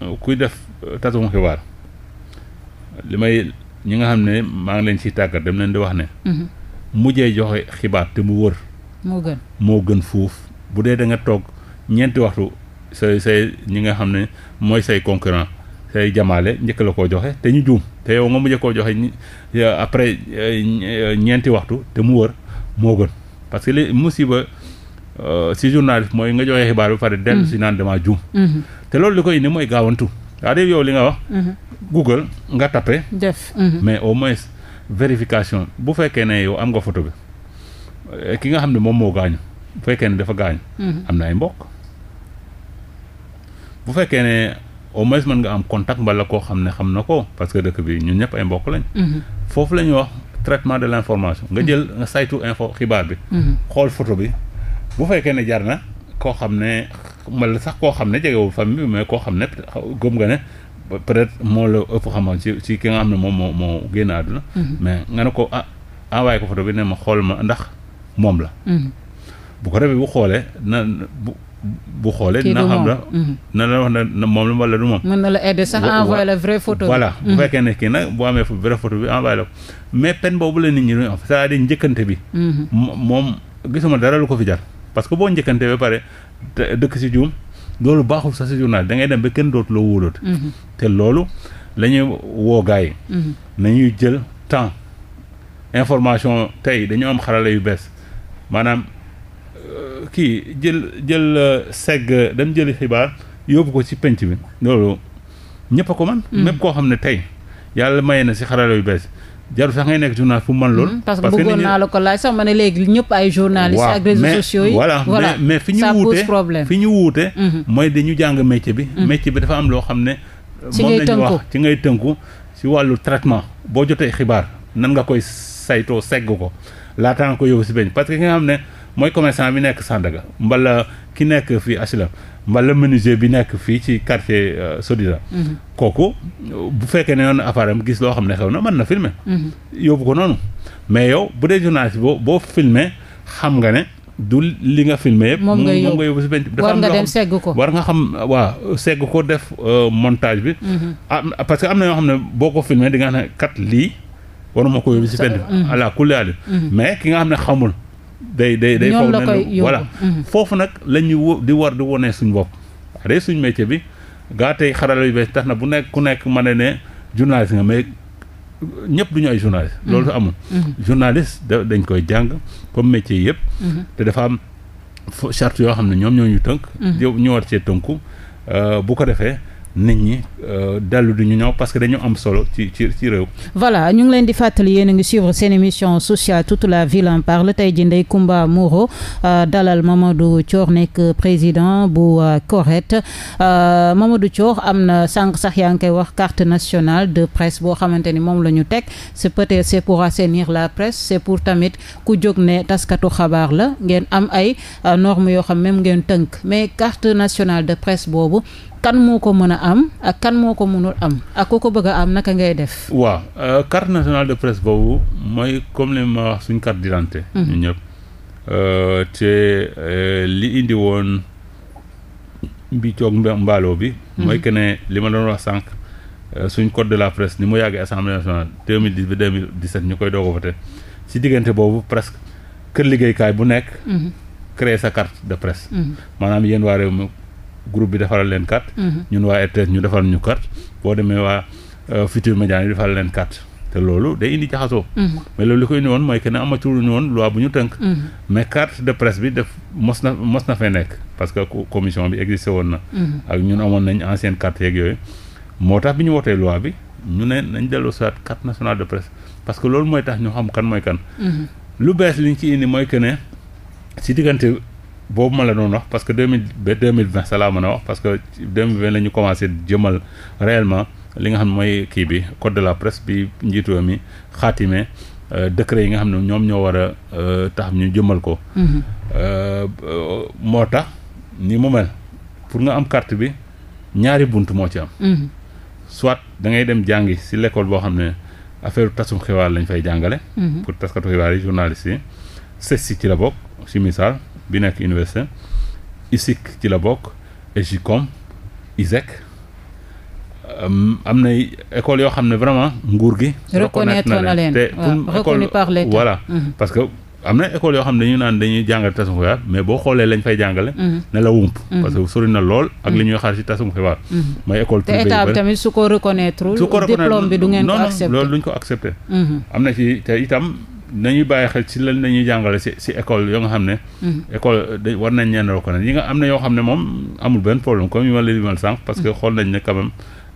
euh, kuy def euh, tasum xibaar li may ñi nga xam ne maa ngi leen ciy tàggat dem leen di wax ne. Mhm. mujjee joxe xibaar te mu wër. moo gën moo gën fuuf bu dee da nga toog ñeenti waxtu sa sa ñi nga xam ne mooy say concurrent say jamaale njëkk la koo joxe te ñu juum te yow nga mujjee koo joxe après euh, ñeenti waxtu te mu wër moo gën parce que li musiba euh, si journaliste mooy nga joxe xibaar ba pare. den si mm-hmm. naan damaa juum. Mm-hmm. te loolu li koy indi mooy gaawantu. cest à yow li nga wax. Mm-hmm. Google nga tapé. def mais au moins. verification bu fekkee ne yow am nga photo bi eh, ki nga xam ne moom moo gaañu bu fekkee ne dafa gaañu. Mhm. am na ay mbokk bu fekkee ne au moins mën nga am contact mbala koo xam ne xam na ko parce que dëkk bi ñun ñëpp ay mbokk lañ. Mhm. foofu la ñuy wax traitement de l' information. nga mhm. jël nga saytu info xibaar bi. xool photo bi bu fekkee ne jar na koo xam ne mbala sax koo xam ne jegewul famille bi mais koo xam ne gëm nga ne peut-être moo la ëpp xamoon si si ki nga xam ne moom moo moo génn àdduna mm-hmm. mais nga ne ko ah envoyé ko photo bi ne ma xool ma ndax moom la mm-hmm. bu ko defee bu xoolee na bu bu xoolee dina xam la mm-hmm. na la wax ne moom la wala du moom mën na la aider sax bi envoyé la ko mais peine boobu la nit ñi duñu am c'est-à-dire njëkkante bi moom gisuma dara lu ko fi parce que boo njëkkante ba pare dëkk si juum loolu baaxul sax si journal da ngay dem ba kenn dootu la wóolootu mhm. te loolu la ñuy woo mhm. jël temps information tey dañu am xarala yu bees maanaam euh, kii jël jël euh, segg dem jëli xibaar yóbbu ko ci penc bi loolu ñëpp a ko man. mépp mhm. koo xam ne tey yàlla may na si xarala yu bees jarul sax ngay nekk journaliste pour man loolu. Mm-hmm. parce que bëggoon naa la ko laaj sax ma ne léegi ñëpp ay journalistes. ak réseaux sociaux yi voilà mais fi ñu wuute fi ñu wuute. mooy dañu jàng métier bi. Mm-hmm. métier bi dafa am loo xam ne. moom lañu wax ci ngay tënku ci wàllu traitement boo jotee xibaar nan nga koy saytoo segg ko laataa nga ko yóbbu ci benn parce que ki nga xam ne mooy commerçant bi nekk Sandaga mbala ki nekk fii HLM. mbala menuisier bi nekk fii ci quartier euh, Sodida mhm. kooku bu fekkee ne yoon appareil am gis loo xam ne xew na mën na filmer mhm. yóbbu ko noonu mais yow bu dee journaliste boo boo filmer xam nga ne du li nga filmer yëpp moom nga yóbbu si benn dafa am war nga dem segg ko war nga xam waaw segg ko def euh, montage bi mhm. parce que am na yoo xam ne boo ko filmer di nga xam ne kat lii waruma ko yóbbu si benn ala kulli mais ki nga xam ne xamul day day day faw ne voilà mm-hmm. foofu nag la ñu di war di wonee suñ bopp waaye suñ métier bi gaa tey xarala yu bees tax na bu nekk ku nekk ma ne ne journaliste nga mais ñëpp du ñu ay journaliste mm-hmm. loolu amul mm-hmm. journaliste dañ koy jàng comme métier yëpp te dafa am charte yoo xam ne ñoom ñoo ñu tënk ñu war cee tënku euh, bu ko defee nit ñi euh, dellu du ñu ñëw parce que dañu am solo ci réew. voilà ñu ngi leen di fàttali yéen a ngi suivre seen émission sociale toute la ville en parle tey jii Ndeye Comba Moreau euh, dalal Mamadou Thior nekk président bu euh, CORED Mamadou Thior am na sànq sax yaa ngi koy wax carte nationale de presse boo xamante ni moom la ñu teg c'est peut-être c'est pour assainir la presse c'est pour tamit ku jóg ne taskatu xabaar la ngeen am ay normes yoo xam même ngeen tënk mais carte nationale de presse boobu. kan moo ko mën a am ak kan moo ko mënul am ak ku ko bëgg am naka ngay def. waaw euh, carte de presse boobu mooy comme li ma wax suñ carte d'identité. Mhm. ñu ñëpp euh, te euh, li indi woon bi coog bi. Mhm. mooy que ne li ma doon wax sànq euh, suñ code de la presse ni mu yàggee assemblée nationale deux mille dix ba deux ñu koy doog a voté si diggante boobu presque kër liggéeykaay bu nekk. Mhm. créer sa carte de presse. maanaam yéen waa groupe bi defaral leen carte. Mhm. ñun waa RTS ñu defal ñu carte boo demee waa euh, Futurs Médias ñu defal leen carte te loolu day indi jaxasoo. Mhm. mais loolu ko indi woon mooy que ne amatul ñu woon loi bu ñu tënk. Mhm. mais carte de presse bi def mos na mos na fee nekk parce que commission bi existé woon na. ak ñun amoon nañ ancienne carte yeeg yooyu moo tax bi ñu wootee loi bi ñu ne nañ delloo soit carte nationale de presse parce que loolu mooy tax ñu xam kan mooy boobu ma la doon wax parce que deux mille ba deux mille vingt sa laa mën a wax parce que deux mille vingt la ñu commencé jëmal li nga xam ne mooy kii bi code de la presse bi njiitu mi xaatime euh, décret yi nga xam ne ñoom ñoo war a euh, tax ñu jëmal ko. Mhm. Euh, moo tax ni mu mel pour nga am carte bi ñaari bunt moo ci am. Mhm. soit da ngay dem jàngi si l'école boo xam ne affaire tasum xibaar lañ fay jàngale. Mhm. pour taskatu xibaar yi journaliste yi CESTI ci la bokk si misaal. bi nekk université ISIC ci la bokk EGICOM ISEC am na école yoo xam ne vraiment nguur gi. reconnaître na leen te école voilà mhm. parce que am na école yoo xam ne dañu naan dañuy jàngal tasum xibaar mais boo xoolee lañ fay jàngale. Mhm. ne la wump. Mhm. parce que sori na lool ak li ñuy xaar ci tasum xibaar. mooy école privée te tamit su ko reconnaître. su duñ ko accepter. am na ci itam. nañuy bàyyi xel ci lan nañuy jàngale ci ci école yoo nga xam ne mm-hmm. école da war nañ leen reconnaître yi nga am na yoo xam ne moom amul benn problème comme yu ma la limal sànq parce que mm-hmm. xool nañ ne quand même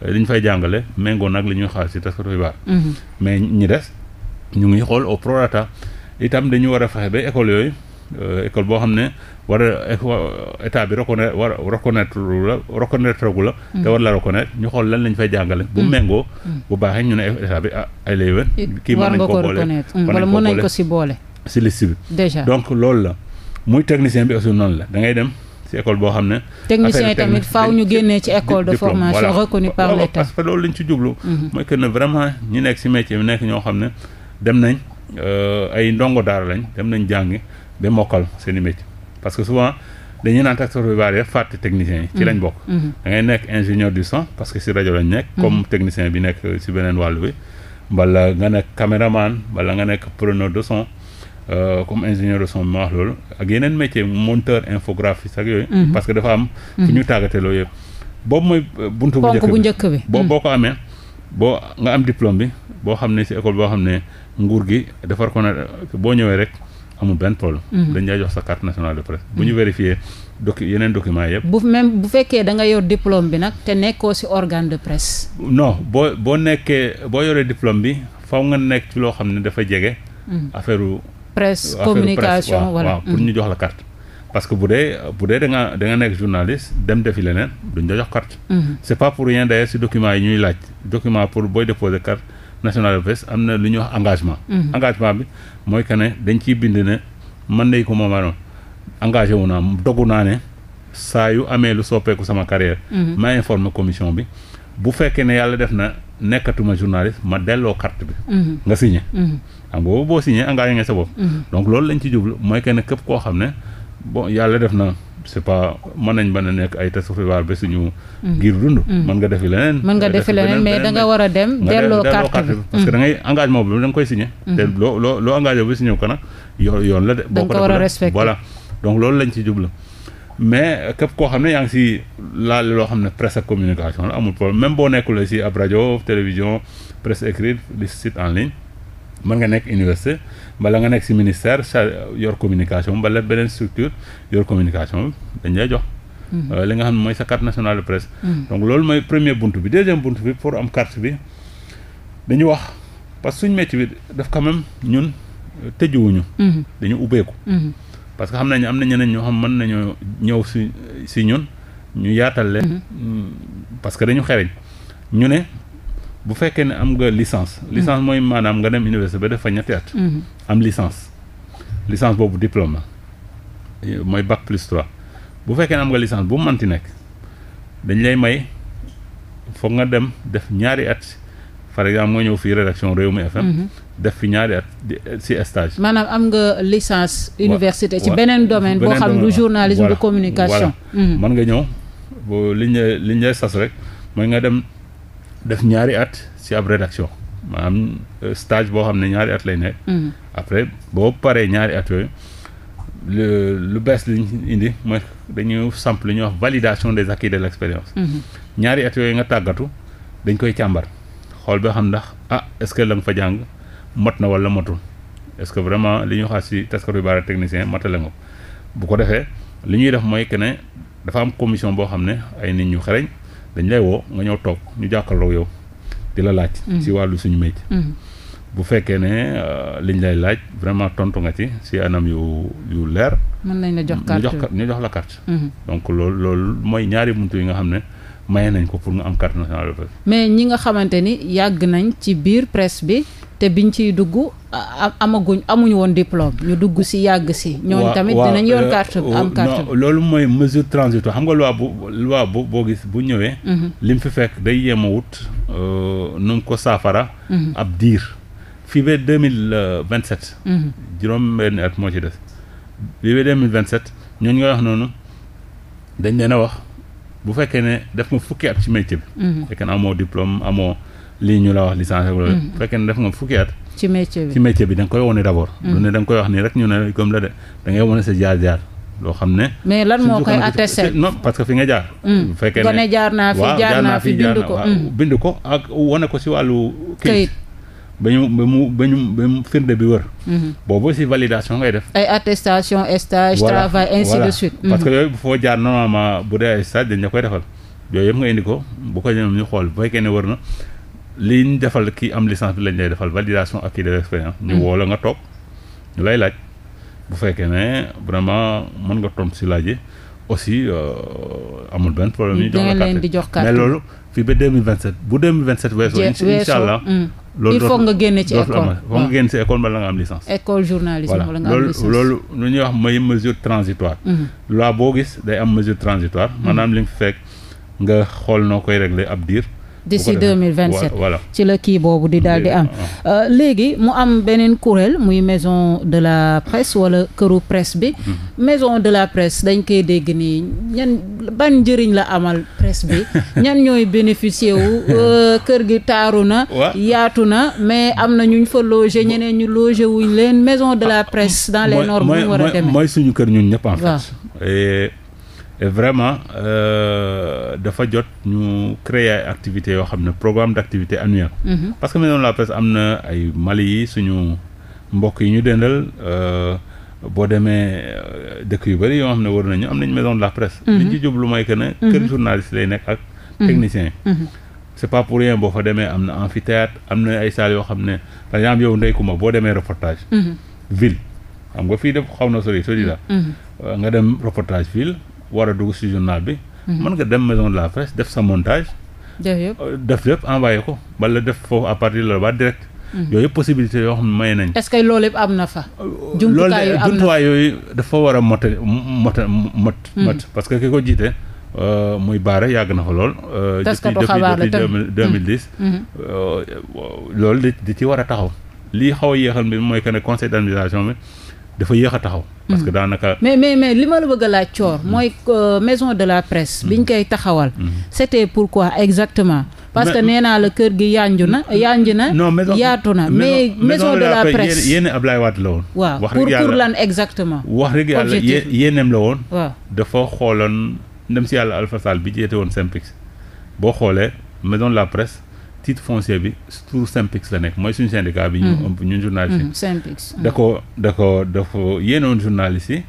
euh, li ñu fay jàngale méngoo nag li ñuy xaar ci taskatu xibaar mm-hmm. mais ñi des ñu ngi xool au prorata itam dañu war a fexe ba école yooyu Euh, école boo xam ne war a état bi reconnaître war reconnaître la reconnaître gu la te war la reconnaître ñu xool lan lañ fay jàngale bu mm. méngoo mm. bu baaxee ñu ne état bi ah ay lay wén kii mën nañ ko boole wala mën nañ ko si boole si liste bi déjà donc loolu la muy technicien bi aussi noonu la da ngay dem ci école boo xam ne. technicien yi tamit faaw ñu génnee ci école de formation reconnue par l'État parce que loolu lañ ci jublu. Mm-hmm. mooy que ne vraiment ñi nekk ci métier bi nekk ñoo xam ne dem euh, nañ ay ndongo daara lañ dem nañ jàngi. ba mokkal seen i métier parce que souvent dañuy naan taxaw bi baax fàtte technicien yi. ci lañ mm-hmm. bokk. Mm-hmm. da nekk ingénieur du son parce que si rajo lañ nekk. comme mm-hmm. technicien bi nekk si beneen wàll bi. mbala nga nekk caméraman mbala nga nekk preneur de son euh, comme ingénieur de son bi ma wax loolu ak yeneen métier monteur infographiste parce que dafa am. fu ñu tàggateloo yëpp. boobu mooy buntu bu njëkk bi bu njëkk boo ko amee boo nga am diplôme bi boo xam ne si école boo xam ne nguur gi dafa reconnaître boo ñëwee rek. amul benn problème. Mhm. dañ lay jox sa carte nationale de presse. bu ñu mhm. vérifier docu yeneen documents yëpp. bu même bu fekkee da nga yor diplôme bi nag te nekkoo ci organe de presse. non boo boo nekkee boo yoree diplôme bi faw nga nekk ci loo xam ne dafa jege. Mhm. affaire presse communication waaw pour ñu jox la carte. parce bu dee bu dee da nga da nga nekk journaliste dem defi leneen duñ la jox carte. c'est pas pour rien d'ailleurs ci documents yi ñuy laaj document pour booy national de presse am na lu ñuy wax engagement. Mhm. engagement bi mooy que ne dañ ciy bind ne man nay ko moom engagé wu naa dogu naa ne saa yu amee lu soppeeku sama carrière. Mhm. ma informe commission bi bu fekkee ne yàlla def na nekkatuma journaliste ma delloo carte bi. Mhm. nga signé. xam nga boobu boo signé engagé nga sa bopp. donc loolu lañ ci jublu mooy que ne koo xam ne yàlla def na. c'est pas mën nañ mën a nekk ay tasu xibaar ba suñu. Mm. ngir dund. Mm. mën nga defi leneen. leneen mais da nga war a dem. delloo carte bi parce que da mm. engagement bi da koy signé. te loo loo loo engagé ba ñëw ko nag yoon yoon la de. boo ko war a respecté voilà donc loolu lañ ci jublu. mais képp koo xam ne yaa ngi si laale loo xam ne presse ak communication la amul problème même boo nekkul si ab rajo télévision presse écrite di site en ligne mën nga nekk université. bala nga nekk si ministère yor communication bala beneen structure yor communication dañ lay jox. Mhm. Euh, li nga xam ne mooy sa carte nationale de presse. Mhm. donc loolu mooy premier bunt bi deuxième bunt bi pour am carte bi dañu wax parce que suñu bi daf quand ñun euh, tëjuwuñu. Mhm. dañu ubbeeku. parce que xam nañu am na ñeneen ñoo xam mën nañoo ñëw si si ñun ñu yaatal leen. Mm, parce que dañu xereñ ñu ne. bu fekkee ne am nga licence mm-hmm. licence mooy maanaam nga dem université ba def fa ñetti at mm-hmm. am licence licence boobu diplôme mooy bac plus trois bu fekkee ne am nga licence bu manti nekk dañ lay may foog nga dem def ñaari at par exemple nga ñëw fii rédaction Rewmi FM mm-hmm. def fi ñaari at si stage maanaam am nga licence université ci beneen domaine boo xam du journalisme de communication mën nga ñëw liñ lay sas rek mooy nga dem def ñaari at ci ab rédaction maanaam euh, stage boo xam ne ñaari at lay nekk. Mm-hmm. après boo paree ñaari at yooyu lu bees li ñu indi mooy dañuy samp li ñuy wax validation des acquis de l'expérience. Mm-hmm. ñaari at yooyu nga tàggatu dañ koy càmbar xool ba xam ndax ah est-ce que la nga fa jàng mot na wala motul est-ce que vraiment li ñuy xaar ci taskatu xibaar technicien matale nga ko bu ko defee li ñuy def mooy que ne dafa am commission boo xam ne ay nit ñu xereñ dañ lay woo nga ñëw toog ñu jàkkaarloo yow di la laaj. Mm-hmm. si wàllu suñu métier. Mm-hmm. bu fekkee ne euh, liñ lay laaj vraiment tontu nga ci si anam yu yu leer. mën nañ la jox ñu jox la carte. Mm-hmm. donc loolu loolu mooy ñaari muntu yi nga xam ne. maye nañ ko pour nga am carte nationale de presse. mais ñi nga xamante ni yàgg nañ ci biir presse bi te biñ ciy dugg amaguñ amuñu woon diplôme ñu dugg si yàgg si. ñooñu tamit dinañ yor euh, carte am euh, carte non loolu mooy mesure transitoire xam nga loi bu loi bu boo gis bu ñëwee. Mhm. lim fi fekk day yemawut euh, nu mu ko saafara. Mhm. ab diir fii ba deux mille vingt sept. Mhm. juróom benn at moo ci des fii ba deux mille vingt sept ñooñu nga wax noonu dañ leen a wax. bu fekkee ne def nga fukki at ci métier bi. Mhm. fekkee ne amoo diplôme amoo lii ñu la wax licence ak loolu. Mhm. bu fekkee ne def nga fukki at. ci métier bi ci métier koy wone d' abord. Mhm. ne da nga koy wax nii rek ñu ne comme la de da ngay wane sa jaar-jaar. loo xam ne. mais lan moo koy attesté non parce que fi nga jaar. bu fekkee ne jaar naa fi jaar naa fi bind ko bind ko ak wane ko si wàllu. këyit ba ñu ba mu ba ñu ba mu firnde bi wër. Mhm. boobu si validation ngay def. ay attestation stage. Voilà. travail ainsi de suite. Mhm. parce que yooyu foo jaar normalement bu dee ay stage dañ la koy defal yooyu yëpp nga indi ko bu ko ñoom ñu xool bu fekkee ne wër na li ñu defal kii am licence bi lañ lay defal validation acquis de l'expérience. ñu mhm. woo la nga toog ñu lay laaj bu fekkee ne vraiment mën nga tontu si laaj yi aussi euh, amul benn problème. ñu jox la carte mais loolu. fii ba deux mille vingt sept bu deux mille vingt sept weesoo. incha allah mm. loolu nga génn ci école am foog nga am licence. école journalisme bala nga am licence loolu lu ñuy wax mooy mesure transitoire. Mm-hmm. loi boo gis day am mesure transitoire mm-hmm. maanaam li nga fekk nga xool noo koy régler ab diir. d'ici deux mille vingt sept voilà ci la kii boobu di daal di am ah. euh, léegi mu am beneen kuréel muy maison de la presse wala këru presse bi mhm. maison de la presse dañ koy dégg nii ñan ban njëriñ la amal presse bi ñan ñooy bénéficier wu euh, kër gi taaru na yaatu na mais am na ñu fa loger ñeneen ñu loger wuñ leen maison de la presse dans les normes mu war a demee suñu kër ñun ñëpp et vraiment euh, dafa jot ñu créer ay activités yoo xam ne programme d' activité annuel. Mm parce que maison de la presse am na ay Mali yi suñu mbokk yi ñu dendal euh, boo demee euh, dëkk yu bëri yoo xam ne war nañu am nañ maison de la presse. Mhm. li ñu ci jublu mooy que ne. Mhm. kër journaliste lay nekk ak. Mhm. technicien yi. c' est pas pour rien boo fa demee am na amphithéâtre am na ay salles yoo xam ne par exemple yow Ndeye boo demee reportage. ville xam nga fii def xaw na sori sori la. Euh, nga war a dugg si journal bi. Mhm. mën nga dem maison de la presse def sa montage. def yëpp euh, envoyé ko bala def foofu à partir de la ba direct. Mhm. yooyu yëpp possibilité yoo xam ne may nañ est loolu yëpp am na fa. Euh, jumtukaay yooyu am na jumtuwaay yooyu dafa war a mot mot mhm. mot. mot parce que ki ko jiite. Euh, muy baare yàgg na fa lool. taskatu xabaar la depuis deux mille dix. loolu di ci war a taxaw. lii xaw a yéexal bi mooy que conseil d'administration bi. dafa yéex a taxaw. parce que mm. daanaka. mais mais mais li ma la bëgg a laaj coor. Mm. mooy euh, maison de la presse. Mm. biñ koy taxawal. c'était pourquoi exactement. parce que nee naa la kër gi yanju na yanju na. non maison yaatu na mais maison de la presse yéen Ablaye Wade la woon. waaw pour pour lan exactement. wax dëgg yàlla yéeneem la woon. waaw dafa xooloon ndem si yàlla Alpha bi jeete woon Simpix boo xoolee maison de la presse. titre foncier bi tour Synpics la nekk mooy suñu syndicat bi. ñu mm-hmm. ëmb ñun journaliste yi. Mm-hmm. Synpics. Mm-hmm. da ko da ko da ko yéenoon journaliste yi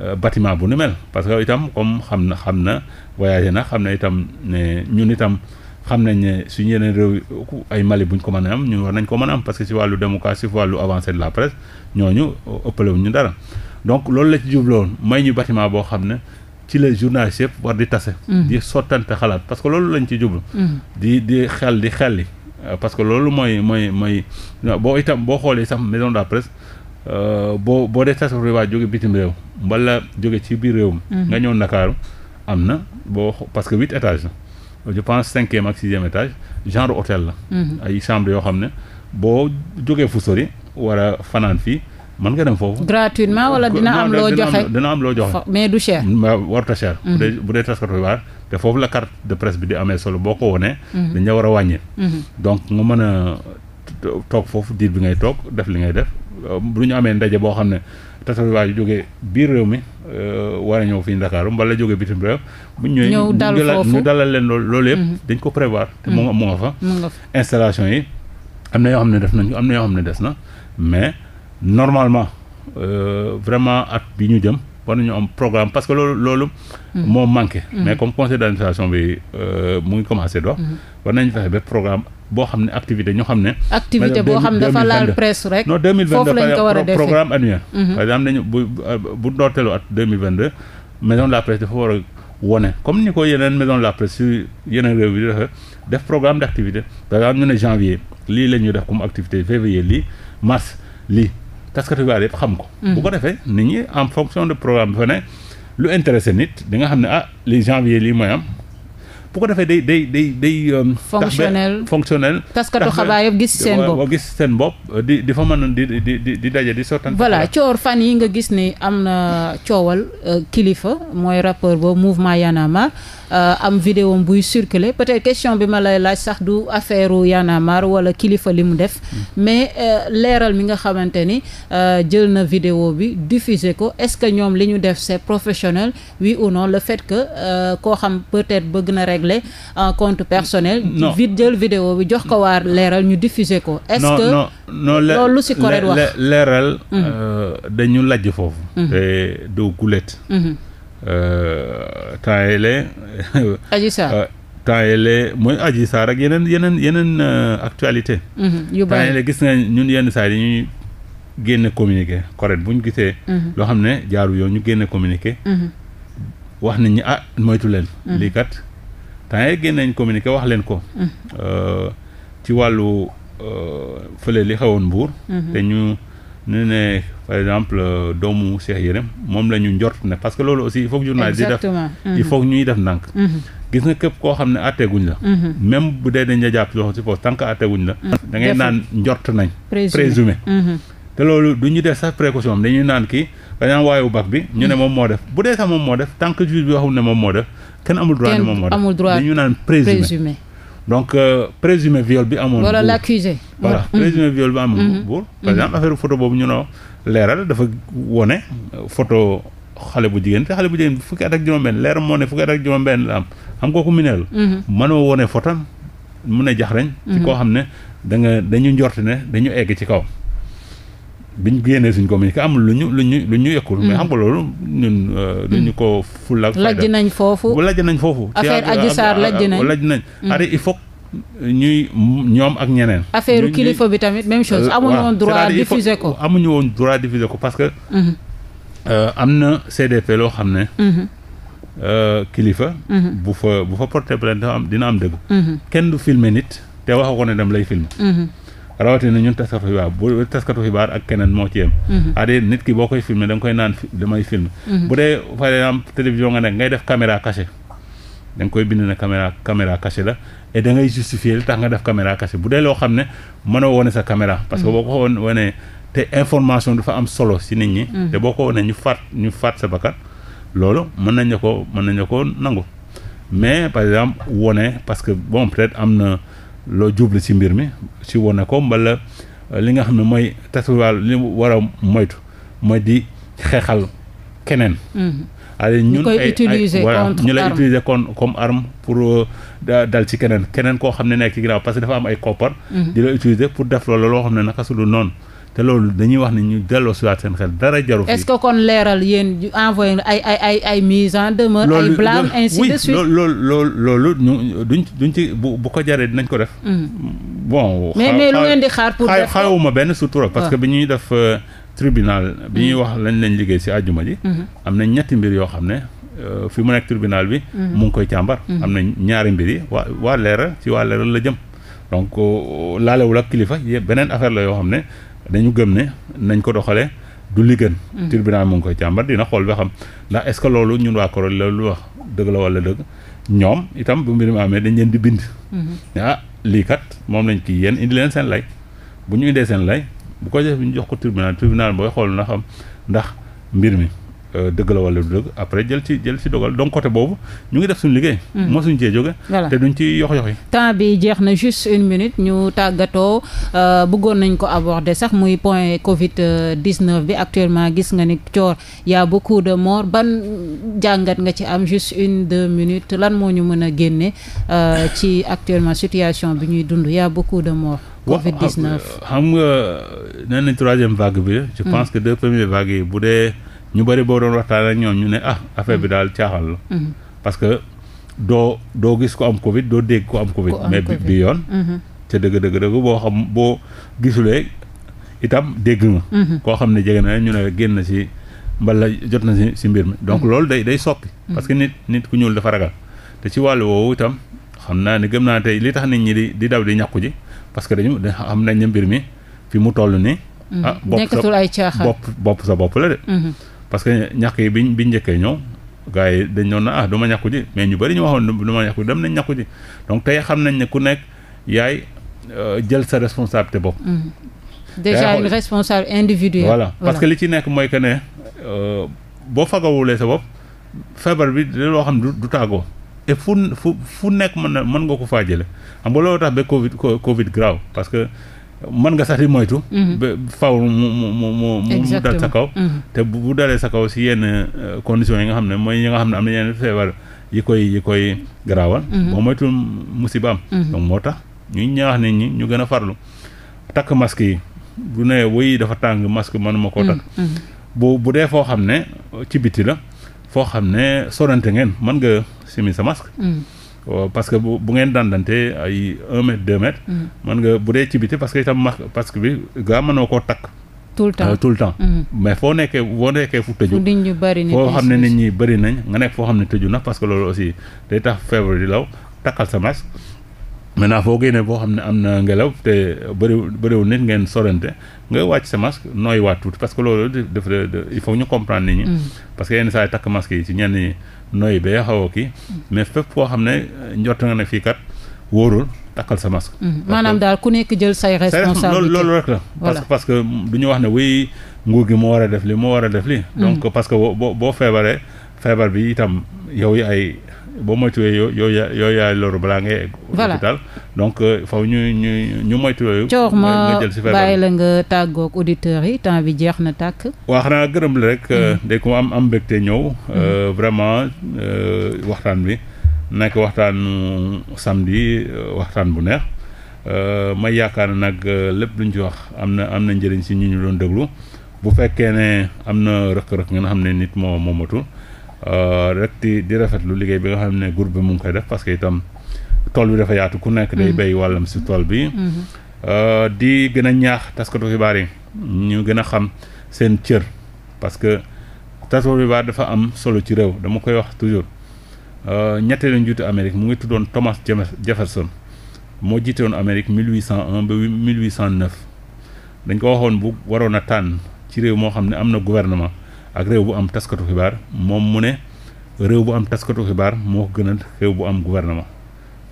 euh, bâtiment bu nu mel parce que itam comme xam na xam na voyagé na xam na itam ne ñun itam xam nañ ne suñ yeneen réew ay Mali bu ñu ko mën am ñun war nañ ko mën am parce que si wàllu démocratie si wàllu avancée de la presse ñooñu ëppalewuñ ñu dara donc loolu la ci jubloon may ñu bâtiment boo xam ne. ci la journaliste yëpp war di tase. Mm-hmm. di sottante xalaat parce que loolu lañ ci jublu. Mm-hmm. di di xel di xelli euh, parce que loolu mooy mooy mooy boo itam boo xoolee sax maison de la euh, boo boo dee tase waa jóge bitim réew mbala jóge ci biir réew mi. Mm-hmm. nga ñëw Ndakaaru am na boo parce que huit étages la je pense cinquième ak sixième étage genre hôtel la. ay chambre yoo xam ne boo jógee fu sori war a fanaan fii. man nga dem foofu. gratuitement wala dina am loo joxe am loo joxe. mais du cher. warta cher. Mhm. bu dee bu dee taskatu te foofu la carte de presse bi di amee solo boo ko wonee mhm. dañ la war a wàññi. Mhm. donc nga mën a toog foofu diir bi ngay toog def li ngay def euh, bu ñu amee ndaje boo xam ne taskatu xibaar yu jógee biir réew mi euh, war a ñëw fi Ndakaaru mbala jógee bitim réew. bu ñu ñëwee ñu dalal leen loolu loolu yëpp. dañ ko prévoir te mu nga mu nga fa. installation yi am na yoo xam ne def nañ am na yoo xam ne des na mais. normalement euh, vraiment at bi ñu jëm war nañu am programme parce que loolu loolu. Hmm. moo manqué. Hmm. mais comme conseil d' administration bi euh, mu ngi commencé dox. Hmm. war nañu fexe be programme boo xam ne activité ñoo xam ne. activité boo xam dafa laal presse non deux mille vingt deux programme annuel. par exemple dañu bu euh, bu ndorteelu at deux mille vingt deux maison de la presse dafa war a wone comme ni ko yeneen maison de la presse si yeneen réew yi dafa def programme d' activité par exemple ñu ne janvier lii la ñuy def comme activité février lii mars lii. taskatu xibaar yëpp xam ko. Mm-hmm. bu ko defee nit ñi en fonction de programme bi lu intéressé nit di xam ne ah li janvier lii mooy am bu ko defee day day day day. Euh, fonctionnel fonctionnel. taskatu xabaar yëpp gis seen bopp waaw gis seen bopp euh, di fa mën di di di daje voilà coor fan yi nga gis ni am na coowal euh, kilifa mooy rapport boobu mouvement Y'en a marre am buy circuler peut-être question bi ma lay laaj sax du affaire Y'en a wala kilifa li mu def. Hmm. mais leeral mi nga xamante ni jël na vidéo bi diffuser ko est-ce que ñoom li ñu def c'est professionnel oui ou non le fait que koo xam peut-être bëgg na rek. régler un compte personnel. non jël vidéo bi jox ko waar leeral ñu diffuse ko. est-ce non, que non loolu si Corée wax leeral. Mm. Euh, dañu lajj foofu. Mm-hmm. te doo gulet. Mm-hmm. Euh, temps yële. Adji Sarr euh, temps mooy Adji Sarr yeneen yeneen yeneen actualité. Mm-hmm. yu temps gis nga ñun yenn saa yi ñuy génne communiqué correct bu ñu gisee. loo xam ne jaaru yoon ñu génne communiqué. wax nit ah moytu leen. lii kat temps yii génn nañ communiqué wax leen ko. Mm-hmm. Euh, ci wàllu euh, fële li xewoon Mbour. Mm-hmm. te ñu ñu ne par exemple euh, doomu Cheikh Yérim moom la ñu njort ne parce que loolu aussi il faut que il faut mm-hmm. ñuy def ndànk. gis nga képp koo xam ne àtteeguñ la. même bu dee dañ la jàpp si loxo si foofu tant que àtteeguñ la. da naan njort nañ. présumé. te loolu du ñu def sax précaution am dañuy naan kii par exemple waayu bi ñu ne moom moo def bu dee sax moom moo def tant que juge bi waxul ne moom moo def kenn amul droit ne moom moo def dañu naan présumé donc euh, présumé viol bi amoon wala l'accusé voilà présumé viol bi amoon mm-hmm. buur par exemple affaire photo boobu ñu noo leeral dafa wone photo xale bu jigéen te xale bu jigéen bi fukki at ak juróom-benn leeram moo ne fukki at ak juróom-benn la am xam kooku mineur la mm-hmm. mënoo wone photo am mun a jax reñ ci mm-hmm. koo xam ne da dañu njort ne dañu egg ci kaw biñ génnee suñ communiqué amul lu ñu lu ñu lu ñu yokkul. mais mm. xam nga loolu ñun. Euh, duñu mm. ko fulla ak fayda lajj nañ foofu. lajj nañ foofu. affaire Adji Sarr euh, lajj nañ lajj nañ. Mm. ari il faut ñuy ñoom ak ñeneen. affaire kilifa bi tamit même chose. Euh, amuñu woon droit diffuser ko amuñu que. Mm-hmm. am na CDP loo xam ne. Mm-hmm. kilifa. Mm-hmm. bu fa bu fa porter plainte dina am dina kenn du filmer nit te waxu ko ne dem lay filmer. rawatina ñun taskatu xibaar bu taskatu xibaar ak keneen moo ci yem cest mhm. à nit ki boo koy filmer da nga koy naan damay film mhm. bu dee par exemple télévision nga nekk ngay def caméra cachée da koy bind na caméra caméra cachée la et da ngay li tax nga def caméra cachée bu dee loo xam ne mënoo wone sa caméra parce que mhm. boo ko woon wonee te information dafa am solo si nit ñi te boo ko wonee ñu faat ñu faat sa bakkan loolu mën nañ ko mën nañ ko nangu mais par exemple wone parce que bon am na loo jublu ci mbir mi ci wane ko mbala euh, li nga xam ne mooy tatuwaal li war moytu mooy di xeexal keneen. Mm-hmm. allez ñun ay ay voilà ñu lay utiliser kon comme arme pour euh, dal ci keneen keneen koo xam ne nekk ci ginnaaw parce que dafa am ay koppar. Mm-hmm. di la utiliser pour def loolu loo xam ne naka su dul noonu. te loolu dañuy wax ne ñu delloo si waat seen xel dara jaru fi. est-ce que kon leeral yéen ñu envoyé ay ay ay ay mise en demeure. ay blâme ainsi de suite loolu loolu loolu ñu duñ duñ ci bu bu ko jaree dinañ ko def. Mm. bon mais mais lu ngeen di benn sutura parce ah. que bi ñuy def euh, tribunal. bi ñuy mm. wax lañ lañ liggéey si àjjuma ji. Mm-hmm. am na ñetti mbir yoo xam ne. Euh, fi mu nekk tribunal bi. Mm-hmm. mu ngi koy càmbar. Mm-hmm. am na ñaari mbir yi wa waa leeral ci waa leeral la jëm. donc euh, laalewul ak kilifa beneen affaire la yoo xam ne. dañu gëm ne nañ ko doxalee du li gën. Mm-hmm. tribunal mu ngi koy càmbar dina xool ba xam ndax est ce que loolu ñun waa Coroly loolu wax dëgg la wala dëgg ñoom itam bu mbir mi amee dañ leen di bind. ne mm-hmm. ah lii kat moom lañ kii yéen indi leen seen lay bu ñu indee seen lay bu ko def ñu jox ko tribunal tribunal booy xool na xam ndax mbir mi Euh, dëgg la wala du dëgg après jël ci jël ci dogal donc boobu ñu ngi def suñu liggéey. Mm. moo suñu cee jóge te duñ ci yox yoxi temps bi jeex na juste une minute ñu tàggatoo euh, bëggoon nañ ko aborder sax muy point Covid 19 bi actuellement gis nga ni coor y a beaucoup de morts ban jàngat nga ci am juste une deux minutes lan moo ñu mën a génne euh, ci actuellement situation bi ñuy dund y a beaucoup de morts. Covid xam nga nee nañ vague bi. je mm. pense que deux premières ñu bëri boo doon waxtaan ak ñoom ñu ne ah affaire bi mm. daal caaxal la. Mm-hmm. parce que doo doo gis ko am Covid doo dégg ko am Covid. mais bi bi yoon. Mm-hmm. ca dëgg dëgg dëgg boo xam boo gisulee itam dégg ma mm-hmm. koo xam ne jege naa ñu ne génn si mbala jot na si mbir mi. donc loolu day day soppi. parce que nit nit ku ñuul dafa ragal. te ci wàllu woowu itam xam naa ne gëm naa tey li tax nit ñi di di daw di ñàkku ji parce que dañu xam nañ ne mbir mi fi mu toll nii. ah bopp sa bopp sa bopp la de. parce que ñàkk yi biñ biñ njëkkee ñëw gars yi dañ doon na ah du ma ñàkku ji mais ñu bëri ñu waxoon du ma ñàkku dem nañ ñàkku ji donc tey xam nañ ne ku nekk yaay euh, jël sa responsabilité bopp. Mm-hmm. déjà responsable individuelle. voilà parce que li ci nekk mooy que ne euh, boo fagawulee sa bopp feebar bi da loo xam du tàggoo et fu fu fu nekk mën na mën nga ko faa jële xam nga loolu tax ba Covid Covid grave parce man nga sax di moytu. Mhm. ba faaw mu mu mu mu mu dal sa kaw. Mhm. te bu dalee sa kaw si yenn euh, condition yi nga xam ne mooy yi nga xam ne am na yenn feebar yi koy yi koy garaawal. Mhm. boo moytu musiba am. moo tax ñuy ñaax nit ñi ñu gën a farlu takk masque yi bu ne wuy dafa tàng masque mënuma koo takk. bu bu dee foo xam ne ci biti la foo xam ne sorante ngeen man nga simi sa masque. Euh, parce que bu bu ngeen dandante ay un mètre deux mètres. Mm-hmm. mën nga bu dee ci biti parce que itam max parce que bi gaa mënoo koo takk. tout le temps euh, tout le temps. Mm-hmm. mais foo nekkee foo nekkee fu tëju. xam ne nit ñi bari nañ nga nekk foo xam ne tëju na parce que loolu aussi day tax feebar di law takkal sa masque. naa foo génnee boo xam ne am na ngelaw te bëriwul bëriwul nit ngeen sorante nga wàcc sa masque nooy waat tuuti parce que loolu de il faut ñu comprendre nit ñi. Mm. parce que yenn saa yi takk masque yi ci ñenn ñi nooy ba xaw mm. mais fépp foo xam ne euh, njort nga ne fii kat wóorul takkal sa masque. Mm. maanaam daal ku nekk jël say responsabilité loolu rek parce que parce ñu wax ne wuy nguur gi moo war a def moo war a def li parce que boo boo feebaree feebar bi itam yow yi ay. boo moytuwee yoo yoo yoo yaay loru balaa ngay egg. hôpital donc euh, faw ñu ñu ñu moytu yooyu. coor ma bàyyi la nga tàggoog auditeurs yi temps bi jeex na tàkk. waa xanaa gërëm la rek. Euh, mm. dégg ko am am mbégte ñëw. Mm. Euh, vraiment waxtaan bi nekk waxtaanu samedi waxtaan bu neex. may yaakaar nag lépp lu ñu ci wax am na am na njëriñ si ñu ñu doon déglu bu fekkee ne am na rëq-rëq ngeen xam ne nit moo moomatul. Euh, rek di di rafetlu liggéey bi nga xam ne groupe bi mu ngi koy def parce que itam tool bi dafa yaatu ku nekk day mm-hmm. bay wàllam si tool bi mm-hmm. euh, di gën a ñaax taskatu xibaar yi ñu gën a xam seen cër parce que taskatu xibaar dafa am solo ci réew dama koy wax toujours euh, ñetteelu njiitu Amérique mu ngi tuddoon Thomas Jefferson moo jiite woon Amérique 1801 ba 1809 dañ ko waxoon bu waroon a tànn ci réew moo xam ne am na gouvernement ak réew bu am taskatu xibaar moom mu ne réew bu am taskatu xibaar moo ko gën réew bu am gouvernement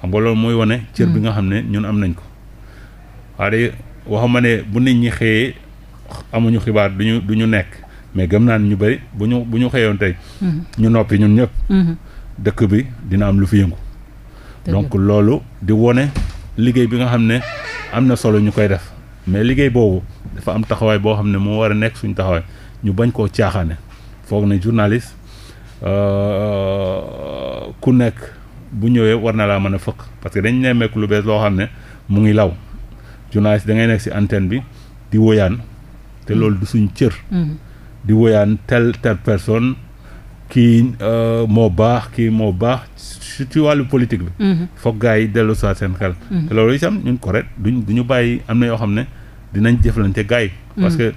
xam nga loolu mooy wane cër bi hmm. nga xam ne ñun am nañ ko waaye waxuma ne bu nit ñi xëyee amuñu xibaar duñu du ñu nekk mais gëm naa ne ñu bari bu ñu bu ñu xëyoon tey hmm. ñu noppi ñun ñëpp hmm. dëkk bi dina am lu fi yëngu donc loolu di wone liggéey bi nga xam ne am na solo ñu koy def mais liggéey boobu dafa am taxawaay boo xam ne moo war a nekk suñu taxawaay ñu bañ koo caaxaane foog ne journaliste euh, euh, ku nekk bu ñëwee war na laa mën a fëkk parce que dañ nemmeeku lu bees loo xam ne mu ngi law journaliste da ngay nekk ci antenne bi di woyaan te mm. loolu du suñ cër mm. di woyaan tel telle personne kii euh, moo baax kii moo baax surtout wàllu politique bi mm-hmm. foog gars yi dellu saa seen xel mm-hmm. te loolu itam ñun correct du ñu bàyyi am na yoo xam ne dinañ jëflante gars yi mm. parce que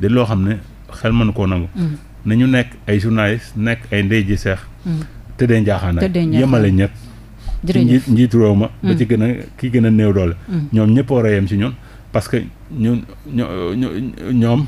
dañ loo xam ne xel mënu koo nangu. Mm. nañu nekk ay journaliste nekk ay ndey ji seex. Mm. tëddee njaaxaanaay yemale ñëpp. ci njiitu réew ma. ba mm. ci gën a ki gën néew doole. ñoom ñëpp war a yem ci ñun parce que ñun ñoom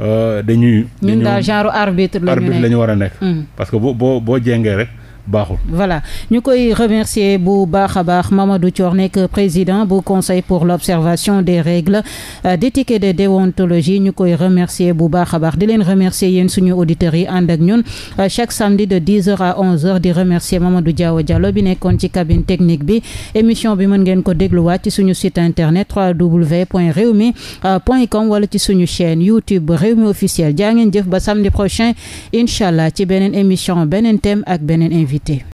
euh, dañuy. ñun daal genre arbitre la war a nekk. parce que boo boo boo jengee rek. baaxul. voilà ñu koy remercier bu baax a baax Mamadou Thior nekk président bu conseil pour l'observation des règles euh, d'éthique et de déontologie ñu koy remercier bu baax a baax di leen remercier yéen suñu auditeurs yi ànd ak ñun euh, chaque samedi de 10h à 11h di remercie Mamadou Diaw Diallo bi nekkoon ci cabine technique bi émission bi mën ngeen ko dégluwaat ci suñu site internet www.rewmi.com wala ci suñu chaîne YouTube Rewmi officiel jaa ngeen jëf ba samedi prochain incha allah ci beneen émission beneen thème ak beneen invité. activité